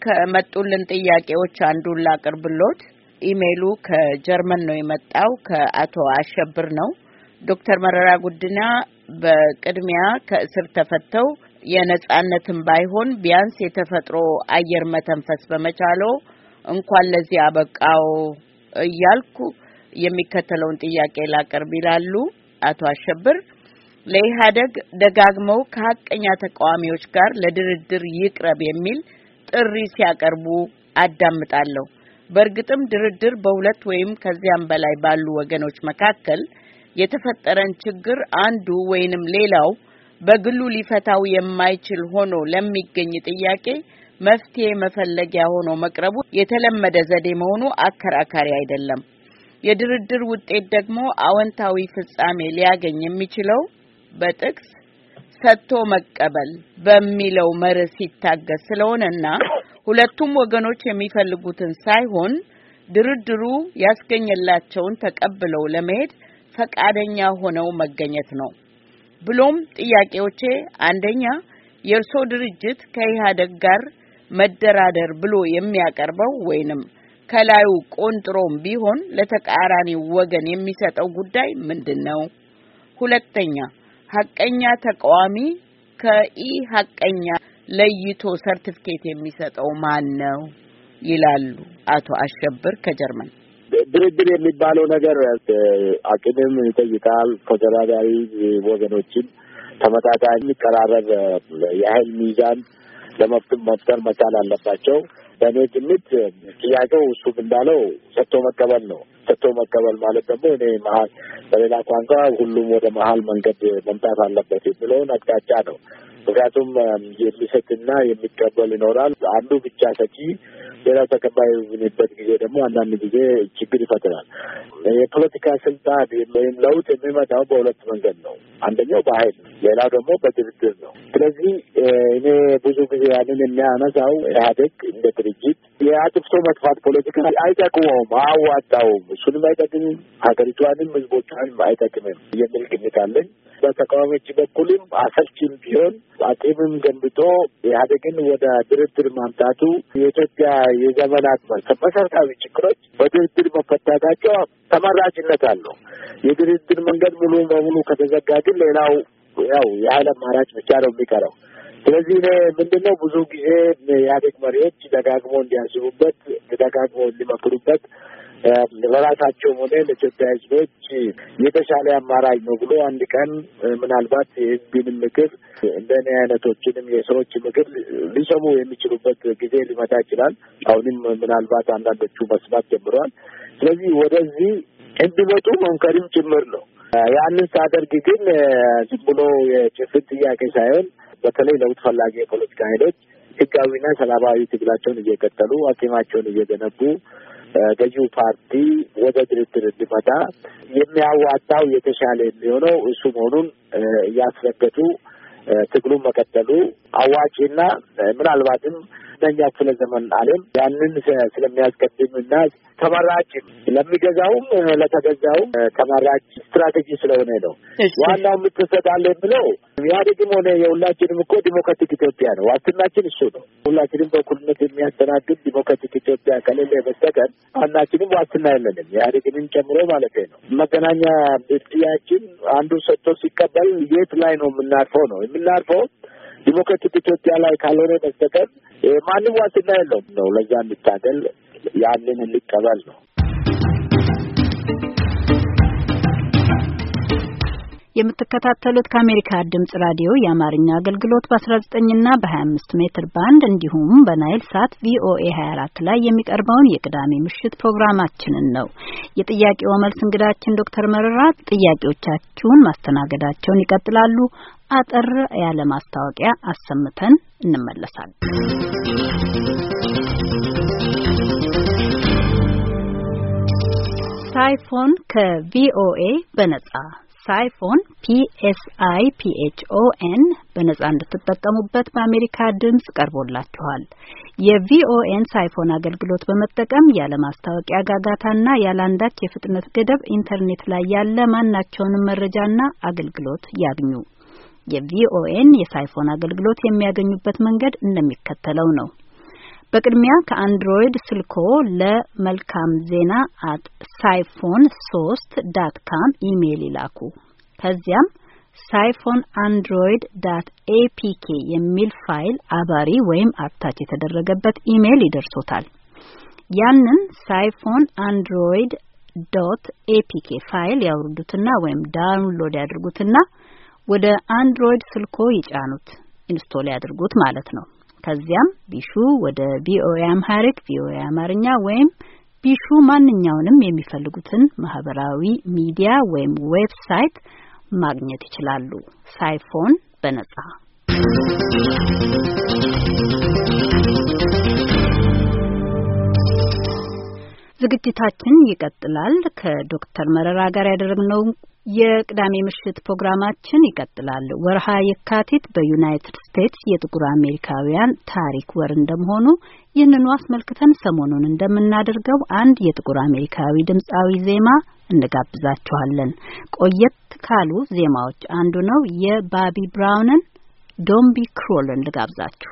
ከመጡልን ጥያቄዎች አንዱን ላቅርብሎት። ኢሜይሉ ከጀርመን ነው የመጣው ከአቶ አሸብር ነው። ዶክተር መረራ ጉድና በቅድሚያ ከእስር ተፈተው የነጻነትን ባይሆን ቢያንስ የተፈጥሮ አየር መተንፈስ በመቻሎ እንኳን ለዚህ አበቃው እያልኩ የሚከተለውን ጥያቄ ላቀርብ ይላሉ አቶ አሸብር። ለኢህአደግ ደጋግመው ከሀቀኛ ተቃዋሚዎች ጋር ለድርድር ይቅረብ የሚል ጥሪ ሲያቀርቡ አዳምጣለሁ። በእርግጥም ድርድር በሁለት ወይም ከዚያም በላይ ባሉ ወገኖች መካከል የተፈጠረን ችግር አንዱ ወይንም ሌላው በግሉ ሊፈታው የማይችል ሆኖ ለሚገኝ ጥያቄ መፍትሄ መፈለጊያ ሆኖ መቅረቡ የተለመደ ዘዴ መሆኑ አከራካሪ አይደለም። የድርድር ውጤት ደግሞ አወንታዊ ፍጻሜ ሊያገኝ የሚችለው በጥቅስ ሰጥቶ መቀበል በሚለው መርህ ሲታገዝ ስለሆነና ሁለቱም ወገኖች የሚፈልጉትን ሳይሆን ድርድሩ ያስገኘላቸውን ተቀብለው ለመሄድ ፈቃደኛ ሆነው መገኘት ነው። ብሎም ጥያቄዎቼ አንደኛ የእርሶ ድርጅት ከኢህአዴግ ጋር መደራደር ብሎ የሚያቀርበው ወይንም ከላዩ ቆንጥሮም ቢሆን ለተቃራኒ ወገን የሚሰጠው ጉዳይ ምንድን ነው? ሁለተኛ ሀቀኛ ተቃዋሚ ከኢ ሀቀኛ ለይቶ ሰርቲፊኬት የሚሰጠው ማን ነው ይላሉ አቶ አሸብር ከጀርመን። ድርድር የሚባለው ነገር አቅድም ይጠይቃል። ተደራዳሪ ወገኖችን ተመጣጣኝ የሚቀራረብ የኃይል ሚዛን መፍጠር መቻል አለባቸው። በእኔ ግምት ጥያቄው እሱ እንዳለው ሰጥቶ መቀበል ነው። ሰጥቶ መቀበል ማለት ደግሞ እኔ መሀል በሌላ ቋንቋ ሁሉም ወደ መሀል መንገድ መምጣት አለበት የሚለውን አቅጣጫ ነው። ምክንያቱም የሚሰጥና የሚቀበል ይኖራል። አንዱ ብቻ ሰጪ ሌላው ተቀባይ የሚሆንበት ጊዜ ደግሞ አንዳንድ ጊዜ ችግር ይፈጥራል። የፖለቲካ ስልጣን ወይም ለውጥ የሚመጣው በሁለት መንገድ ነው። አንደኛው በኃይል ሌላው ደግሞ በድርድር ነው። ስለዚህ እኔ ብዙ ጊዜ ያንን የሚያነሳው ኢህአዴግ እንደ ድርጅት የአጥፍቶ መጥፋት ፖለቲካ አይጠቅመውም፣ አዋጣውም፣ እሱንም አይጠቅምም፣ ሀገሪቷንም ህዝቦቿንም አይጠቅምም የሚል ግምት አለኝ። በተቃዋሚዎች በኩልም አሰልችም ቢሆን አቅምም ገንብቶ ኢህአዴግን ወደ ድርድር ማምጣቱ የኢትዮጵያ የዘመናት መሰረታዊ ችግሮች በድርድር መፈታታቸው ተመራጭነት አለው። የድርድር መንገድ ሙሉ በሙሉ ከተዘጋ ግን ሌላው ያው የሀይል አማራጭ ብቻ ነው የሚቀረው። ስለዚህ እኔ ምንድነው ብዙ ጊዜ የኢህአዴግ መሪዎች ደጋግሞ እንዲያስቡበት ደጋግሞ እንዲመክሩበት ለራሳቸውም ሆነ ለኢትዮጵያ ሕዝቦች የተሻለ አማራጭ ነው ብሎ አንድ ቀን ምናልባት የሕዝብንም ምክር እንደኔ አይነቶችንም የሰዎች ምክር ሊሰሙ የሚችሉበት ጊዜ ሊመጣ ይችላል። አሁንም ምናልባት አንዳንዶቹ መስማት ጀምረዋል። ስለዚህ ወደዚህ እንዲመጡ መምከርም ጭምር ነው። ያንን ሳደርግ ግን ዝም ብሎ የጭፍን ጥያቄ ሳይሆን በተለይ ለውጥ ፈላጊ የፖለቲካ ኃይሎች ህጋዊና ሰላማዊ ትግላቸውን እየቀጠሉ አቅማቸውን እየገነቡ ገዢው ፓርቲ ወደ ድርድር እንዲመጣ የሚያዋጣው የተሻለ የሚሆነው እሱ መሆኑን እያስረገጡ ትግሉን መቀጠሉ አዋጪና ምናልባትም ሶስተኛ ክፍለ ዘመን ዓለም ያንን ስለሚያስቀድም እና ተመራጭ ለሚገዛውም ለተገዛውም ተመራጭ ስትራቴጂ ስለሆነ ነው። ዋናው የምትሰዳለ የምለው ኢህአዴግም ሆነ የሁላችንም እኮ ዲሞክራቲክ ኢትዮጵያ ነው። ዋስትናችን እሱ ነው። ሁላችንም በእኩልነት የሚያስተናግድ ዲሞክራቲክ ኢትዮጵያ ከሌለ በስተቀር ዋናችንም ዋስትና የለንም፣ ኢህአዴግንም ጨምሮ ማለት ነው። መገናኛ ብትያችን አንዱ ሰጥቶ ሲቀበል የት ላይ ነው የምናርፈው ነው የምናርፈው ዲሞክራቲክ ኢትዮጵያ ላይ ካልሆነ በስተቀር ማንም ዋስትና የለውም። ነው ለዛ እንታገል፣ ያንን እንቀበል ነው። የምትከታተሉት ከአሜሪካ ድምጽ ራዲዮ የአማርኛ አገልግሎት በ19 እና በ25 ሜትር ባንድ እንዲሁም በናይል ሳት ቪኦኤ 24 ላይ የሚቀርበውን የቅዳሜ ምሽት ፕሮግራማችንን ነው። የጥያቄው መልስ እንግዳችን ዶክተር መረራ ጥያቄዎቻችሁን ማስተናገዳቸውን ይቀጥላሉ። አጠር ያለ ማስታወቂያ አሰምተን እንመለሳለን። ሳይፎን ከቪኦኤ በነጻ ሳይፎን ፒኤስአይ ፒኤችኦኤን በነጻ እንድትጠቀሙበት በአሜሪካ ድምጽ ቀርቦላችኋል። የቪኦኤን ሳይፎን አገልግሎት በመጠቀም ያለ ማስታወቂያ ጋጋታና ያለ አንዳች የፍጥነት ገደብ ኢንተርኔት ላይ ያለ ማናቸውንም መረጃና አገልግሎት ያግኙ። የቪኦኤን የሳይፎን አገልግሎት የሚያገኙበት መንገድ እንደሚከተለው ነው። በቅድሚያ ከአንድሮይድ ስልኮ ለመልካም ዜና አት ሳይፎን ሶስት ዳት ካም ኢሜይል ይላኩ። ከዚያም ሳይፎን አንድሮይድ ዳት ኤፒኬ የሚል ፋይል አባሪ ወይም አታች የተደረገበት ኢሜይል ይደርሶታል። ያንን ሳይፎን አንድሮይድ ዶት ኤፒኬ ፋይል ያውርዱትና ወይም ዳውንሎድ ያድርጉትና ወደ አንድሮይድ ስልኮ ይጫኑት፣ ኢንስቶል ያድርጉት ማለት ነው። ከዚያም ቢሹ ወደ ቪኦኤ አምሃሪክ ቪኦኤ አማርኛ ወይም ቢሹ ማንኛውንም የሚፈልጉትን ማህበራዊ ሚዲያ ወይም ዌብሳይት ማግኘት ይችላሉ። ሳይፎን በነጻ ዝግጅታችን ይቀጥላል። ከዶክተር መረራ ጋር ያደረግነው የቅዳሜ ምሽት ፕሮግራማችን ይቀጥላል። ወርሃ የካቲት በዩናይትድ ስቴትስ የጥቁር አሜሪካውያን ታሪክ ወር እንደመሆኑ ይህንኑ አስመልክተን ሰሞኑን እንደምናደርገው አንድ የጥቁር አሜሪካዊ ድምፃዊ ዜማ እንጋብዛችኋለን። ቆየት ካሉ ዜማዎች አንዱ ነው። የባቢ ብራውንን ዶምቢ ክሮልን ልጋብዛችሁ።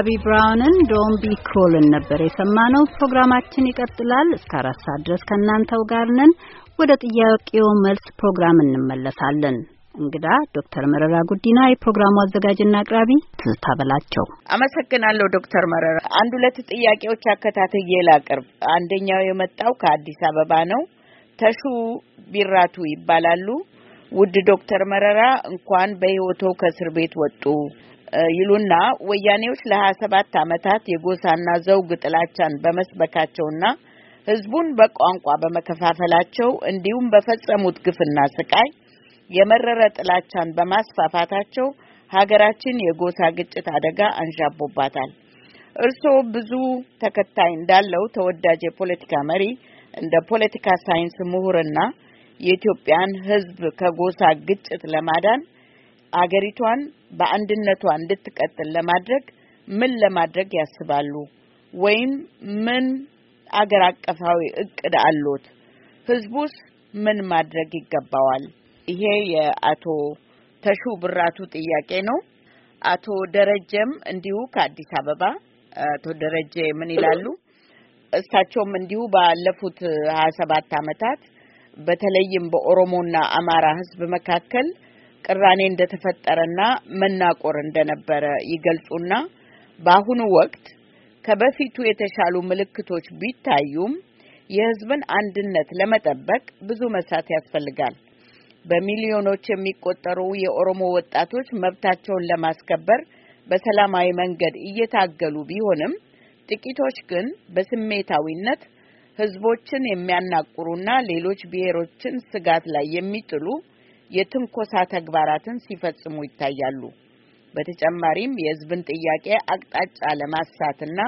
ባቢ ብራውንን ዶን ቢ ኮልን ነበር የሰማነው። ፕሮግራማችን ይቀጥላል። እስከ አራት ሰዓት ድረስ ከእናንተው ጋር ነን። ወደ ጥያቄው መልስ ፕሮግራም እንመለሳለን። እንግዳ ዶክተር መረራ ጉዲና፣ የፕሮግራሙ አዘጋጅና አቅራቢ ትዝታ በላቸው። አመሰግናለሁ ዶክተር መረራ። አንድ ሁለት ጥያቄዎች አከታትዬ ላቅርብ። አንደኛው የመጣው ከአዲስ አበባ ነው። ተሹ ቢራቱ ይባላሉ። ውድ ዶክተር መረራ እንኳን በህይወቶ ከእስር ቤት ወጡ ይሉና ወያኔዎች ለሀያ ሰባት አመታት የጎሳና ዘውግ ጥላቻን በመስበካቸውና ህዝቡን በቋንቋ በመከፋፈላቸው እንዲሁም በፈጸሙት ግፍና ስቃይ የመረረ ጥላቻን በማስፋፋታቸው ሀገራችን የጎሳ ግጭት አደጋ አንዣቦባታል። እርስዎ ብዙ ተከታይ እንዳለው ተወዳጅ የፖለቲካ መሪ እንደ ፖለቲካ ሳይንስ ምሁርና የኢትዮጵያን ህዝብ ከጎሳ ግጭት ለማዳን አገሪቷን በአንድነቷ እንድትቀጥል ለማድረግ ምን ለማድረግ ያስባሉ? ወይም ምን አገር አቀፋዊ እቅድ አሉት? ህዝቡስ ምን ማድረግ ይገባዋል? ይሄ የአቶ ተሹ ብራቱ ጥያቄ ነው። አቶ ደረጀም እንዲሁ ከአዲስ አበባ አቶ ደረጀ ምን ይላሉ? እሳቸውም እንዲሁ ባለፉት ሀያ ሰባት አመታት በተለይም በኦሮሞና አማራ ህዝብ መካከል ቅራኔ እንደተፈጠረና መናቆር እንደነበረ ይገልጹና በአሁኑ ወቅት ከበፊቱ የተሻሉ ምልክቶች ቢታዩም የሕዝብን አንድነት ለመጠበቅ ብዙ መስራት ያስፈልጋል። በሚሊዮኖች የሚቆጠሩ የኦሮሞ ወጣቶች መብታቸውን ለማስከበር በሰላማዊ መንገድ እየታገሉ ቢሆንም ጥቂቶች ግን በስሜታዊነት ህዝቦችን የሚያናቁሩና ሌሎች ብሔሮችን ስጋት ላይ የሚጥሉ የትንኮሳ ተግባራትን ሲፈጽሙ ይታያሉ። በተጨማሪም የህዝብን ጥያቄ አቅጣጫ ለማሳትና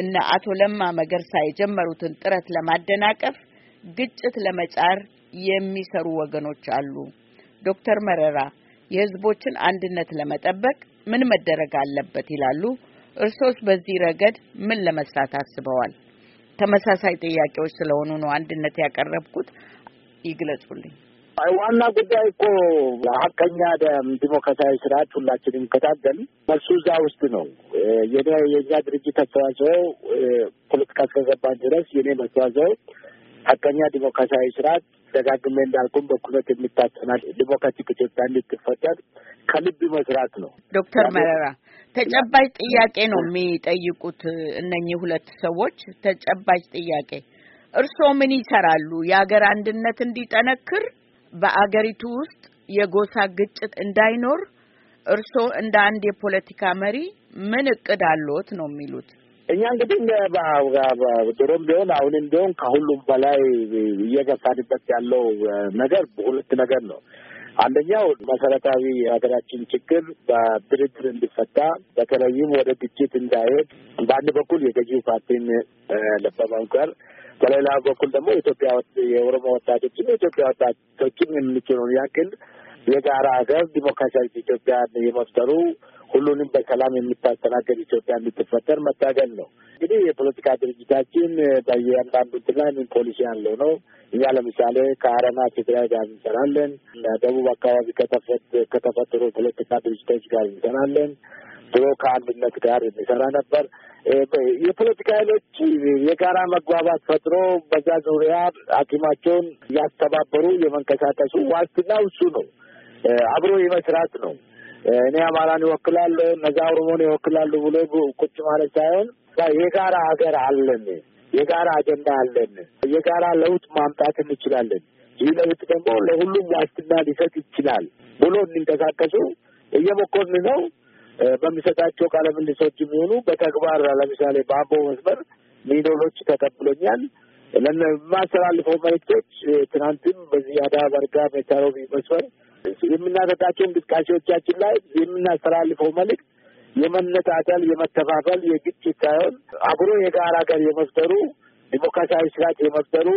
እና አቶ ለማ መገርሳ የጀመሩትን ጥረት ለማደናቀፍ ግጭት ለመጫር የሚሰሩ ወገኖች አሉ። ዶክተር መረራ የህዝቦችን አንድነት ለመጠበቅ ምን መደረግ አለበት ይላሉ? እርሶስ በዚህ ረገድ ምን ለመስራት አስበዋል? ተመሳሳይ ጥያቄዎች ስለሆኑ ነው አንድነት ያቀረብኩት። ይግለጹልኝ። አይ ዋና ጉዳይ እኮ ሀቀኛ ዲሞክራሲያዊ ስርዓት ሁላችንም ከታገል መልሱ እዛ ውስጥ ነው። የኔ የእኛ ድርጅት አስተዋጽኦ ፖለቲካ እስከገባን ድረስ የኔ አስተዋጽኦ ሀቀኛ ዲሞክራሲያዊ ስርዓት ደጋግሜ እንዳልኩም በኩነት የሚታሰና ዲሞክራቲክ ኢትዮጵያ እንድትፈጠር ከልብ መስራት ነው። ዶክተር መረራ ተጨባጭ ጥያቄ ነው የሚጠይቁት እነኚህ ሁለት ሰዎች ተጨባጭ ጥያቄ። እርስዎ ምን ይሰራሉ የሀገር አንድነት እንዲጠነክር በአገሪቱ ውስጥ የጎሳ ግጭት እንዳይኖር እርስዎ እንደ አንድ የፖለቲካ መሪ ምን እቅድ አለዎት ነው የሚሉት? እኛ እንግዲህ ድሮም ቢሆን አሁንም ቢሆን ከሁሉም በላይ እየገፋንበት ያለው ነገር በሁለት ነገር ነው። አንደኛው መሰረታዊ የሀገራችን ችግር በድርድር እንዲፈታ በተለይም ወደ ግጭት እንዳይሄድ በአንድ በኩል የገዢው ፓርቲን ለመምከር በሌላ በኩል ደግሞ የኢትዮጵያ የኦሮሞ ወጣቶችም የኢትዮጵያ ወጣቶችም የምንችለውን ያክል የጋራ ሀገር ዲሞክራሲያዊ ኢትዮጵያ የመፍጠሩ ሁሉንም በሰላም የምታስተናገድ ኢትዮጵያ እንድትፈጠር መታገል ነው። እንግዲህ የፖለቲካ ድርጅታችን በየአንዳንዱ ምን ፖሊሲ ያለው ነው። እኛ ለምሳሌ ከአረና ትግራይ ጋር እንሰራለን። ደቡብ አካባቢ ከተፈጠሩ ፖለቲካ ድርጅቶች ጋር እንሰራለን። ብሎ ከአንድነት ጋር የሚሰራ ነበር። የፖለቲካ ኃይሎች የጋራ መግባባት ፈጥሮ በዛ ዙሪያ አኪማቸውን ያስተባበሩ የመንቀሳቀሱ ዋስትና እሱ ነው። አብሮ የመስራት ነው። እኔ አማራን ይወክላል እነዛ ኦሮሞን ይወክላሉ ብሎ ቁጭ ማለት ሳይሆን የጋራ ሀገር አለን፣ የጋራ አጀንዳ አለን፣ የጋራ ለውጥ ማምጣት እንችላለን። ይህ ለውጥ ደግሞ ለሁሉም ዋስትና ሊሰጥ ይችላል ብሎ እንንቀሳቀሱ እየሞከርን ነው። በሚሰጣቸው ቃለ ምልልሶች የሚሆኑ በተግባር ለምሳሌ በአምቦ መስመር ሚኖሮች ተቀብሎኛል። የማስተላልፈው መልዕክቶች ትናንትም በዚህ አዳ በርጋ ሜታሮቢ መስመር የምናደርጋቸው እንቅስቃሴዎቻችን ላይ የምናስተላልፈው መልዕክት የመነጣጠል፣ የመተፋፈል፣ የግጭት ሳይሆን አብሮ የጋራ ሀገር የመፍጠሩ ዲሞክራሲያዊ ስርዓት የመፍጠሩ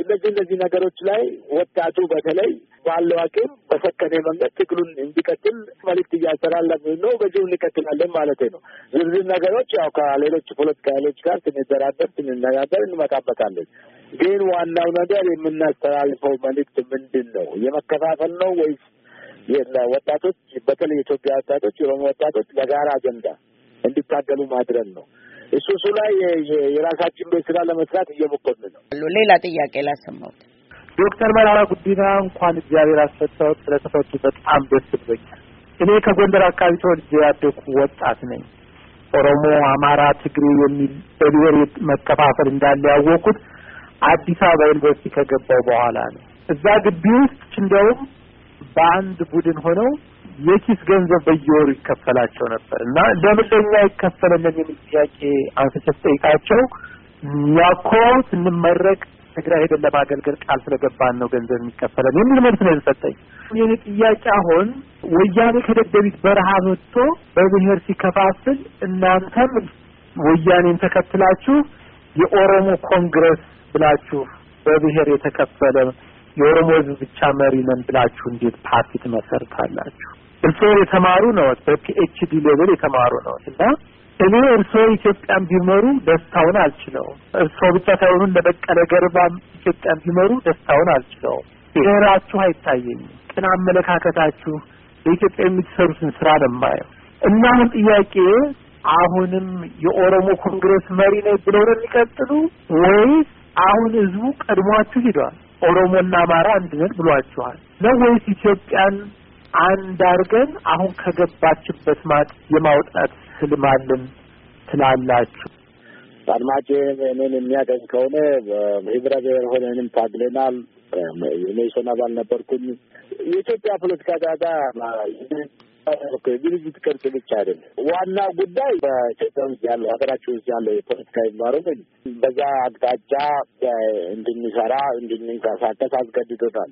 እነዚህ እነዚህ ነገሮች ላይ ወጣቱ በተለይ ባለው አቅም በሰከነ መንገድ ትግሉን እንዲቀጥል መልዕክት እያስተላለፍን ነው። በዚሁ እንቀጥላለን ማለት ነው። ዝርዝር ነገሮች ያው ከሌሎች ፖለቲካ ኃይሎች ጋር ስንደራደር፣ ስንነጋገር እንመጣበታለን። ግን ዋናው ነገር የምናስተላልፈው መልዕክት ምንድን ነው? የመከፋፈል ነው ወይስ ወጣቶች በተለይ የኢትዮጵያ ወጣቶች፣ የኦሮሞ ወጣቶች ለጋራ አጀንዳ እንዲታገሉ ማድረግ ነው? እሱ እሱ ላይ የራሳችን ቤት ስራ ለመስራት እየሞከርን ነው። ሌላ ጥያቄ ላሰማሁት። ዶክተር መራራ ጉዲና እንኳን እግዚአብሔር አስፈታዎት ስለተፈቱ በጣም ደስ ብሎኛል። እኔ ከጎንደር አካባቢ ተወልጄ ያደኩ ወጣት ነኝ። ኦሮሞ፣ አማራ፣ ትግሬ የሚል በብሔር መከፋፈል እንዳለ ያወቅኩት አዲስ አበባ ዩኒቨርሲቲ ከገባው በኋላ ነው። እዛ ግቢ ውስጥ እንደውም በአንድ ቡድን ሆነው የኪስ ገንዘብ በየወሩ ይከፈላቸው ነበር እና ለምን ለኛ አይከፈለንም የሚል ጥያቄ አንስቼ ጠይቃቸው ያኮ ስንመረቅ ትግራይ ሄደን ለማገልገል ቃል ስለገባን ነው ገንዘብ የሚከፈለን የሚል መልስ ነው የሰጠኝ። ይህን ጥያቄ አሁን ወያኔ ከደደቢት በረሃ መጥቶ በብሔር ሲከፋፍል እናንተም ወያኔን ተከትላችሁ የኦሮሞ ኮንግረስ ብላችሁ በብሔር የተከፈለ የኦሮሞ ህዝብ ብቻ መሪ ነን ብላችሁ እንዴት ፓርቲ ትመሰርታላችሁ? እርስዎ የተማሩ ነው፣ በፒኤችዲ ሌቨል የተማሩ ነው እና እኔ እርስዎ ኢትዮጵያን ቢመሩ ደስታውን አልችለውም። እርስዎ ብቻ ሳይሆኑ ለበቀለ ገርባም ኢትዮጵያን ቢመሩ ደስታውን አልችለውም። ብሔራችሁ አይታየኝም። ቅን አመለካከታችሁ በኢትዮጵያ የሚሰሩትን ስራ ነው የማየው እና አሁን ጥያቄ አሁንም የኦሮሞ ኮንግረስ መሪ ነኝ ብለው ነው የሚቀጥሉ ወይስ አሁን ህዝቡ ቀድሟችሁ ሂደዋል? ኦሮሞና አማራ አንድ ነን ብሏቸዋል ነው ወይስ ኢትዮጵያን አንድ አድርገን አሁን ከገባችበት ማጥ የማውጣት ህልም አለን ትላላችሁ? አድማጭ እኔን የሚያገኝ ከሆነ ህብረ ብሔር ሆነንም ታግለናል። ኢሜሶን አባል ነበርኩኝ። የኢትዮጵያ ፖለቲካ ጋዛ ድርጅት ቅርጽ ብቻ አይደለም። ዋና ጉዳይ በኢትዮጵያ ውስጥ ያለው ሀገራችን ውስጥ ያለው የፖለቲካ ኢንቫይሮመንት በዛ አቅጣጫ እንድንሰራ እንድንንቀሳቀስ አስገድዶታል።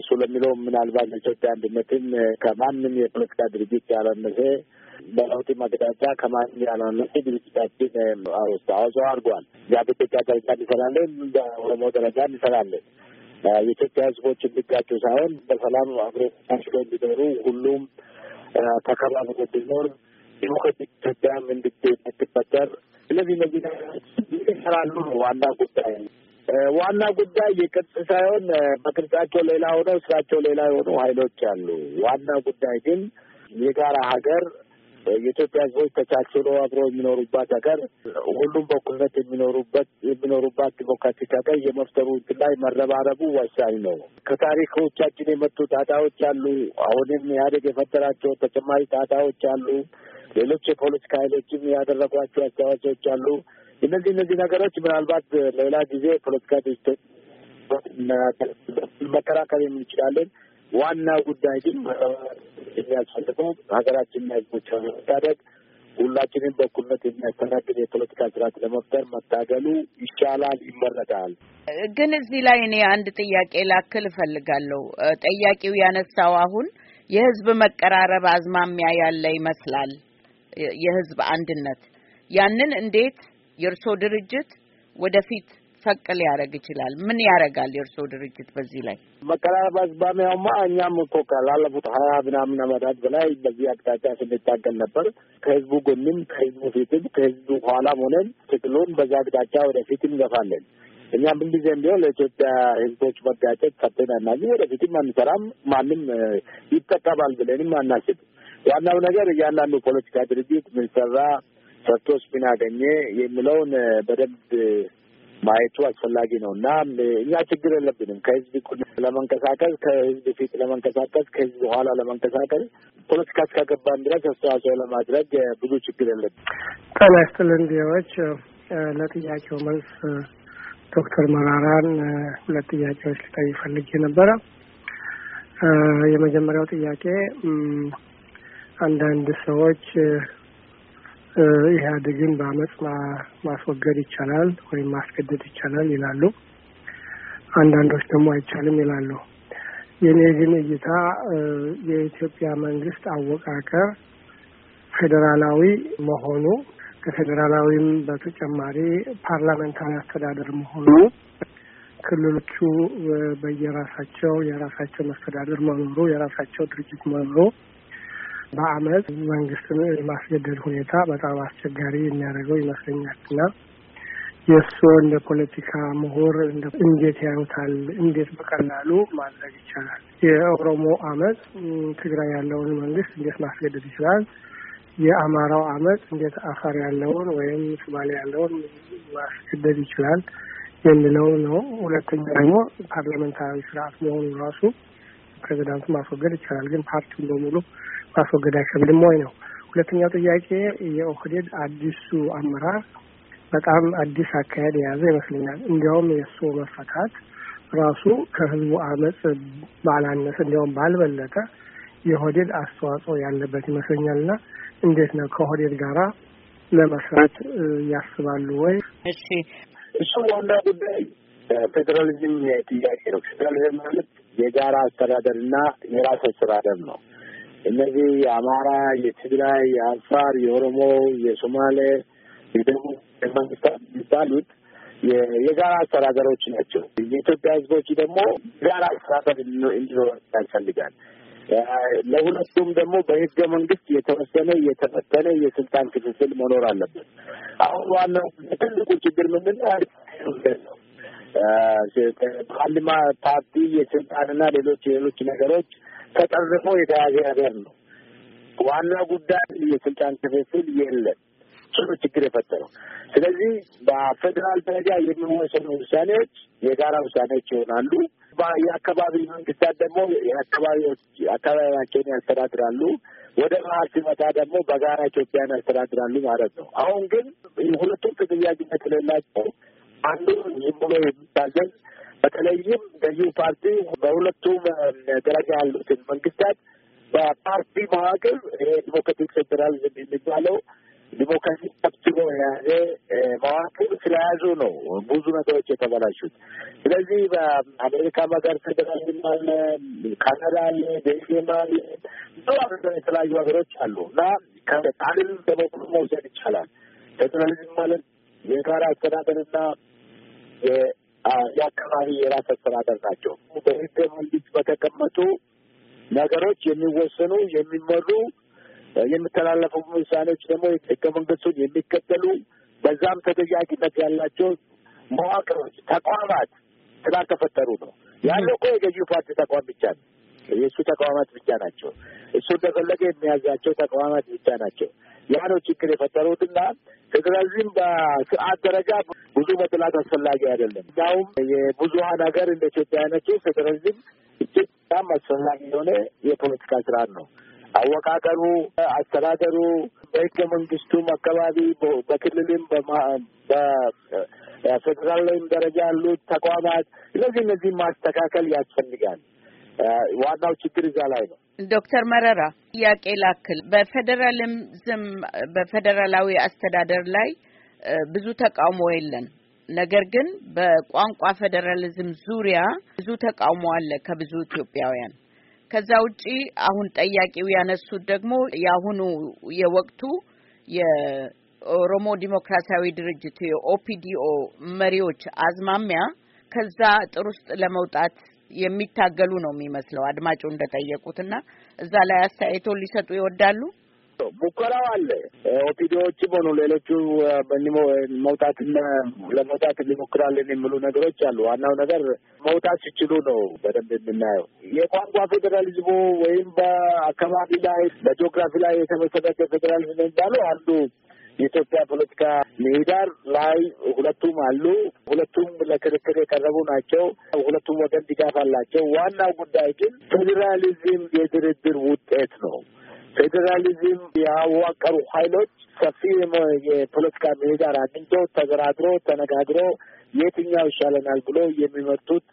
እሱ ለሚለው ምናልባት ኢትዮጵያ አንድነትን ከማንም የፖለቲካ ድርጅት ያላነሰ በለውጥ አቅጣጫ ከማንም ያላነሰ ድርጅታችን አስተዋጽኦ አድርጓል። ያ በኢትዮጵያ ደረጃ እንሰራለን፣ በኦሮሞ ደረጃ እንሰራለን። የኢትዮጵያ ሕዝቦች እንዲጋጩ ሳይሆን በሰላም አብሮ ታሽሎ እንዲኖሩ ሁሉም ተከባብሮ ቢኖር ዲሞክራቲክ ኢትዮጵያም እንድትፈጠር እነዚህ ነገሮች ይሰራሉ። ዋና ጉዳይ ዋና ጉዳይ የቅርጽ ሳይሆን በቅርጻቸው ሌላ ሆነው ስራቸው ሌላ የሆኑ ሀይሎች አሉ። ዋና ጉዳይ ግን የጋራ ሀገር የኢትዮጵያ ሕዝቦች ተቻችሎ አብሮ የሚኖሩባት ሀገር ሁሉም በኩልነት የሚኖሩበት የሚኖሩባት ዲሞክራቲክ ሀገር የመፍጠሩ እንትን ላይ መረባረቡ ወሳኝ ነው። ከታሪኮቻችን የመጡ ጣጣዎች አሉ። አሁንም ኢህአዴግ የፈጠራቸው ተጨማሪ ጣጣዎች አሉ። ሌሎች የፖለቲካ ኃይሎችም ያደረጓቸው አስተዋጽኦች አሉ። እነዚህ እነዚህ ነገሮች ምናልባት ሌላ ጊዜ ፖለቲካ መከራከር የምንችላለን። ዋና ጉዳይ ግን የሚያስፈልገው ሀገራችን ህዝቦች መታደግ ሁላችንም በእኩልነት የሚያስተናግድ የፖለቲካ ስርዓት ለመፍጠር መታገሉ ይሻላል፣ ይመረጣል። ግን እዚህ ላይ እኔ አንድ ጥያቄ ላክል እፈልጋለሁ። ጠያቂው ያነሳው አሁን የህዝብ መቀራረብ አዝማሚያ ያለ ይመስላል፣ የህዝብ አንድነት። ያንን እንዴት የእርሶ ድርጅት ወደፊት ፈቅል ያደረግ ይችላል። ምን ያደርጋል የእርስዎ ድርጅት በዚህ ላይ? መቀራረብ አዝማሚያውማ እኛም እኮ ካላለፉት ሀያ ምናምን አመታት በላይ በዚህ አቅጣጫ ስንታገል ነበር። ከህዝቡ ጎንም ከህዝቡ ፊትም ከህዝቡ ኋላም ሆነን ትግሉን በዛ አቅጣጫ ወደፊት እንገፋለን። እኛም ምንጊዜም ቢሆን ለኢትዮጵያ ህዝቦች መጋጨት ፈትን አናዚህ ወደፊትም አንሰራም። ማንም ይጠቀማል ብለንም አናስብ። ዋናው ነገር እያንዳንዱ ፖለቲካ ድርጅት ምንሰራ ሰራ፣ ሰርቶስ ምን አገኘ የሚለውን በደንብ ማየቱ አስፈላጊ ነው እና እኛ ችግር የለብንም። ከህዝብ ለመንቀሳቀስ፣ ከህዝብ ፊት ለመንቀሳቀስ፣ ከህዝብ በኋላ ለመንቀሳቀስ ፖለቲካ እስካገባን ድረስ አስተዋጽኦ ለማድረግ ብዙ ችግር የለብን። ጤና ይስጥልን ለጥያቄው መልስ ዶክተር መራራን ሁለት ጥያቄዎች ልጠይቅ ፈልጌ ነበረ። የመጀመሪያው ጥያቄ አንዳንድ ሰዎች ኢህአዴግን በአመፅ ማስወገድ ይቻላል ወይም ማስገደድ ይቻላል ይላሉ። አንዳንዶች ደግሞ አይቻልም ይላሉ። የኔ ግን እይታ የኢትዮጵያ መንግስት አወቃቀር ፌዴራላዊ መሆኑ ከፌዴራላዊም በተጨማሪ ፓርላመንታዊ አስተዳደር መሆኑ ክልሎቹ በየራሳቸው የራሳቸው መስተዳደር መኖሩ የራሳቸው ድርጅት መኖሩ በአመት መንግስትን የማስገደድ ሁኔታ በጣም አስቸጋሪ የሚያደርገው ይመስለኛል እና የእሱ እንደ ፖለቲካ ምሁር እንዴት ያዩታል? እንዴት በቀላሉ ማድረግ ይቻላል? የኦሮሞ አመፅ ትግራይ ያለውን መንግስት እንዴት ማስገደድ ይችላል? የአማራው አመፅ እንዴት አፋር ያለውን ወይም ሶማሌ ያለውን ማስገደድ ይችላል የሚለው ነው። ሁለተኛ ደግሞ ፓርላመንታዊ ስርዓት መሆኑ ራሱ ፕሬዚዳንቱ ማስወገድ ይቻላል፣ ግን ፓርቲውን በሙሉ ማስወገድ አይከብድም ወይ ነው። ሁለተኛው ጥያቄ የኦህዴድ አዲሱ አመራር በጣም አዲስ አካሄድ የያዘ ይመስለኛል። እንዲያውም የእሱ መፈታት ራሱ ከህዝቡ አመፅ ባላነሰ እንዲያውም ባልበለጠ የኦህዴድ አስተዋጽኦ ያለበት ይመስለኛል እና እንዴት ነው ከኦህዴድ ጋራ ለመስራት ያስባሉ ወይ? እሺ እሱ ዋና ጉዳይ ፌዴራሊዝም ጥያቄ ነው። ፌዴራሊዝም ማለት የጋራ አስተዳደር እና የራስ አስተዳደር ነው። እነዚህ የአማራ፣ የትግራይ፣ የአፋር፣ የኦሮሞ፣ የሶማሌ፣ የደቡብ መንግስታት የሚባሉት የጋራ አስተዳደሮች ናቸው። የኢትዮጵያ ህዝቦች ደግሞ የጋራ አስተዳደር እንዲኖር ያስፈልጋል። ለሁለቱም ደግሞ በህገ መንግስት የተወሰነ የተፈተነ የስልጣን ክፍፍል መኖር አለበት። አሁን ዋናው ትልቁ ችግር ምንድን ነው? ፓርቲ የስልጣንና ሌሎች ሌሎች ነገሮች ተጠርፎ የተያዘ ነገር ነው። ዋና ጉዳይ የስልጣን ክፍፍል የለም። ጽኑ ችግር የፈጠረው። ስለዚህ በፌዴራል ደረጃ የሚወሰኑ ውሳኔዎች የጋራ ውሳኔዎች ይሆናሉ። የአካባቢ መንግስታት ደግሞ የአካባቢዎች አካባቢያቸውን ያስተዳድራሉ። ወደ ባህር ሲመጣ ደግሞ በጋራ ኢትዮጵያን ያስተዳድራሉ ማለት ነው። አሁን ግን ሁለቱም ተጠያቂነት የሌላቸው አንዱ ዝም ብሎ የሚታዘዝ በተለይም ገዢው ፓርቲ በሁለቱም ደረጃ ያሉትን መንግስታት በፓርቲ መዋቅር ይሄ ዲሞክራቲክ ሴንትራል የሚባለው ዲሞክራሲ ጠብትቦ የያዘ መዋቅር ስለያዙ ነው ብዙ ነገሮች የተበላሹት። ስለዚህ በአሜሪካ ሀገር ፌደራል አለ፣ ካናዳ አለ፣ ቤልጅየም አለ፣ ብዙ የተለያዩ ሀገሮች አሉ እና ከጣልም ተሞክሮ መውሰድ ይቻላል። ፌደራሊዝም ማለት የጋራ አስተዳደርና የአካባቢ የራስ አስተዳደር ናቸው። በህገ መንግስት በተቀመጡ ነገሮች የሚወሰኑ የሚመሩ የሚተላለፉ ውሳኔዎች ደግሞ ህገ መንግስቱን የሚከተሉ በዛም ተጠያቂነት ያላቸው መዋቅሮች፣ ተቋማት ስላልተፈጠሩ ነው ያለው እኮ የገዢው ፓርቲ ተቋም ብቻ ነው። የእሱ ተቋማት ብቻ ናቸው። እሱ እንደፈለገ የሚያዛቸው ተቋማት ብቻ ናቸው። ያ ነው ችግር የፈጠሩትና ፌዴራሊዝም በስርዓት ደረጃ ብዙ መጥላት አስፈላጊ አይደለም። እንዲሁም የብዙሀን ሀገር እንደ ኢትዮጵያ አይነቱ ፌዴራሊዝም እጅግ በጣም አስፈላጊ የሆነ የፖለቲካ ስርዓት ነው። አወቃቀሩ፣ አስተዳደሩ በህገ መንግስቱም አካባቢ በክልልም በፌዴራል ደረጃ ያሉት ተቋማት እነዚህ እነዚህ ማስተካከል ያስፈልጋል። ዋናው ችግር እዛ ላይ ነው። ዶክተር መረራ ጥያቄ ላክል። በፌዴራልም ዝም በፌዴራላዊ አስተዳደር ላይ ብዙ ተቃውሞ የለን። ነገር ግን በቋንቋ ፌዴራሊዝም ዙሪያ ብዙ ተቃውሞ አለ ከብዙ ኢትዮጵያውያን። ከዛ ውጪ አሁን ጠያቂው ያነሱት ደግሞ የአሁኑ የወቅቱ የኦሮሞ ዲሞክራሲያዊ ድርጅት የኦፒዲኦ መሪዎች አዝማሚያ ከዛ ጥር ውስጥ ለመውጣት የሚታገሉ ነው የሚመስለው አድማጩ እንደጠየቁትና እዛ ላይ አስተያየቶ ሊሰጡ ይወዳሉ። ሙከራው አለ። ኦፒዲዎችም ሆኑ ሌሎቹ መውጣት ለመውጣት ሊሞክራልን የሚሉ ነገሮች አሉ። ዋናው ነገር መውጣት ሲችሉ ነው በደንብ የምናየው። የቋንቋ ፌዴራሊዝሙ ወይም በአካባቢ ላይ በጂኦግራፊ ላይ የተመሰረተ ፌዴራሊዝም የሚባለው አንዱ የኢትዮጵያ ፖለቲካ ምህዳር ላይ ሁለቱም አሉ። ሁለቱም ለክርክር የቀረቡ ናቸው። ሁለቱም ወገን ድጋፍ አላቸው። ዋናው ጉዳይ ግን ፌዴራሊዝም የድርድር ውጤት ነው። ፌዴራሊዝም ያዋቀሩ ኃይሎች ሰፊ የፖለቲካ ምህዳር አግኝቶ ተደራድሮ ተነጋግሮ የትኛው ይሻለናል ብሎ የሚመርጡት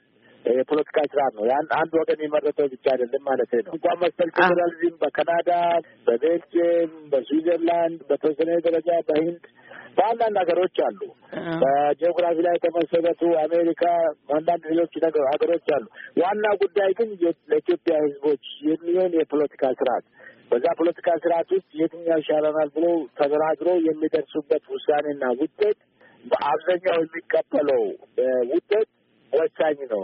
የፖለቲካ ስራ ነው። ያን አንድ ወገን የመረጠው ብቻ አይደለም ማለት ነው። እንኳን መሰል ፌዴራሊዝም በካናዳ፣ በቤልጅየም፣ በስዊዘርላንድ በተወሰነ ደረጃ በህንድ በአንዳንድ ሀገሮች አሉ። በጂኦግራፊ ላይ የተመሰረቱ አሜሪካ፣ አንዳንድ ሌሎች ሀገሮች አሉ። ዋና ጉዳይ ግን ለኢትዮጵያ ህዝቦች የሚሆን የፖለቲካ ስርዓት በዛ ፖለቲካ ስርዓት ውስጥ የትኛው ይሻለናል ብሎ ተደራድሮ የሚደርሱበት ውሳኔና ውጤት በአብዛኛው የሚቀበለው ውጤት ወሳኝ ነው።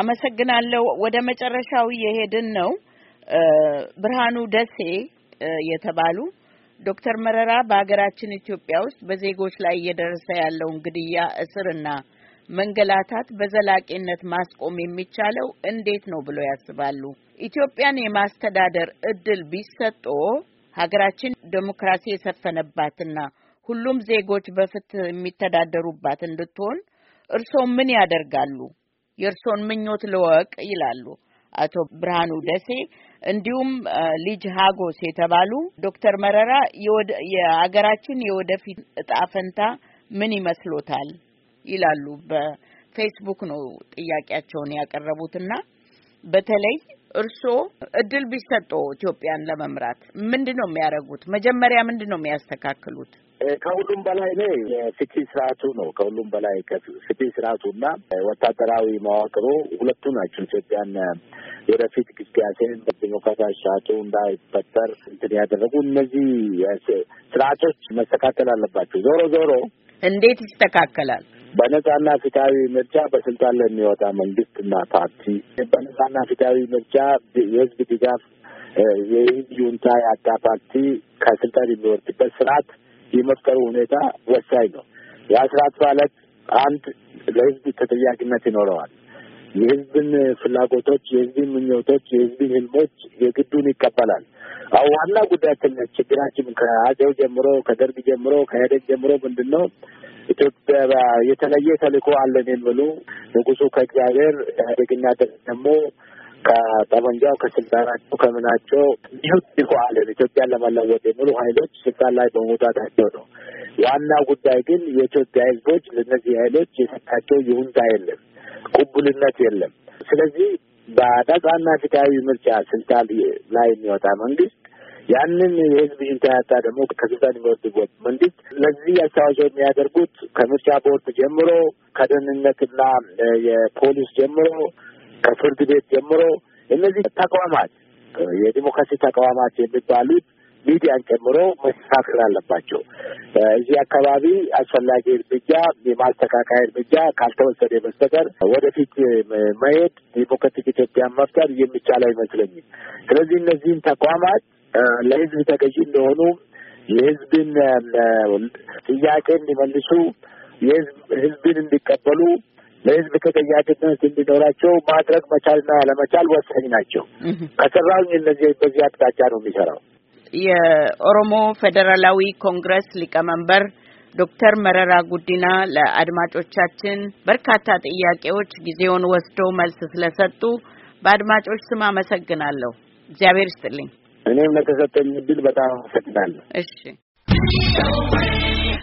አመሰግናለሁ። ወደ መጨረሻው የሄድን ነው። ብርሃኑ ደሴ የተባሉ ዶክተር መረራ በሀገራችን ኢትዮጵያ ውስጥ በዜጎች ላይ እየደረሰ ያለውን ግድያ፣ እስርና መንገላታት በዘላቂነት ማስቆም የሚቻለው እንዴት ነው ብሎ ያስባሉ? ኢትዮጵያን የማስተዳደር እድል ቢሰጦ ሀገራችን ዴሞክራሲ የሰፈነባትና ሁሉም ዜጎች በፍትህ የሚተዳደሩባት እንድትሆን እርሶ ምን ያደርጋሉ? የእርሶን ምኞት ልወቅ ይላሉ አቶ ብርሃኑ ደሴ እንዲሁም ልጅ ሀጎስ የተባሉ ዶክተር መረራ የሀገራችን የወደፊት እጣ ፈንታ ምን ይመስሎታል ይላሉ። በፌስቡክ ነው ጥያቄያቸውን ያቀረቡትና በተለይ እርስዎ እድል ቢሰጠው ኢትዮጵያን ለመምራት ምንድን ነው የሚያደርጉት? መጀመሪያ ምንድን ነው የሚያስተካክሉት? ከሁሉም በላይ እኔ የፍቺ ስርዓቱ ነው። ከሁሉም በላይ ፍቺ ስርዓቱና ወታደራዊ መዋቅሩ ሁለቱ ናቸው ኢትዮጵያን የወደፊት ግስጋሴን በዲሞክራሲያዊ ስርዓቱ እንዳይፈጠር እንትን ያደረጉ እነዚህ ስርዓቶች መስተካከል አለባቸው። ዞሮ ዞሮ እንዴት ይስተካከላል? በነጻና ፍትሐዊ ምርጫ በስልጣን ላይ የሚወጣ መንግስትና ፓርቲ በነጻና ፍትሐዊ ምርጫ የህዝብ ድጋፍ የህዝብ ይሁንታ ያጣ ፓርቲ ከስልጣን የሚወርድበት ስርዓት የመፍጠሩ ሁኔታ ወሳኝ ነው። የአስራት ማለት አንድ ለህዝብ ተጠያቂነት ይኖረዋል። የህዝብን ፍላጎቶች፣ የህዝብን ምኞቶች፣ የህዝብን ህልሞች የግዱን ይቀበላል። አሁ ዋና ጉዳያችን ችግራችን ከአጼው ጀምሮ ከደርግ ጀምሮ ከኢህአዴግ ጀምሮ ምንድን ነው ኢትዮጵያ የተለየ ተልእኮ አለን የሚሉ ንጉሱ ከእግዚአብሔር ኢህአዴግና ደግሞ ከጠመንጃው ከስልጣናቸው ከምናቸው ይሁ ይኮአለን ኢትዮጵያን ለመለወጥ የሚሉ ኃይሎች ስልጣን ላይ በመውጣታቸው ነው። ዋናው ጉዳይ ግን የኢትዮጵያ ሕዝቦች ለእነዚህ ኃይሎች የሰጣቸው ይሁንታ የለም፣ ቁቡልነት የለም። ስለዚህ በነጻና ፍትሐዊ ምርጫ ስልጣን ላይ የሚወጣ መንግስት ያንን የህዝብ ይሁንታ ያጣ ደግሞ ከስልጣን የሚወርድበት መንግስት ለዚህ አስተዋጽኦ የሚያደርጉት ከምርጫ ቦርድ ጀምሮ ከደህንነትና የፖሊስ ጀምሮ ከፍርድ ቤት ጀምሮ እነዚህ ተቋማት የዲሞክራሲ ተቋማት የሚባሉት ሚዲያን ጨምሮ መስተካከል አለባቸው። እዚህ አካባቢ አስፈላጊ እርምጃ የማስተካከያ እርምጃ ካልተወሰደ በስተቀር ወደፊት መሄድ ዲሞክራቲክ ኢትዮጵያን መፍጠር የሚቻል አይመስለኝም። ስለዚህ እነዚህን ተቋማት ለሕዝብ ተገዢ እንደሆኑ የሕዝብን ጥያቄ እንዲመልሱ የሕዝብን እንዲቀበሉ ለህዝብ ተጠያቂነት እንዲኖራቸው ማድረግ መቻልና ያለመቻል ወሳኝ ናቸው። ከሰራሁኝ እነዚህ በዚህ አቅጣጫ ነው የሚሰራው። የኦሮሞ ፌዴራላዊ ኮንግረስ ሊቀመንበር ዶክተር መረራ ጉዲና ለአድማጮቻችን በርካታ ጥያቄዎች ጊዜውን ወስደው መልስ ስለሰጡ በአድማጮች ስም አመሰግናለሁ። እግዚአብሔር ይስጥልኝ። እኔም ለተሰጠኝ እድል በጣም አመሰግናለሁ። እሺ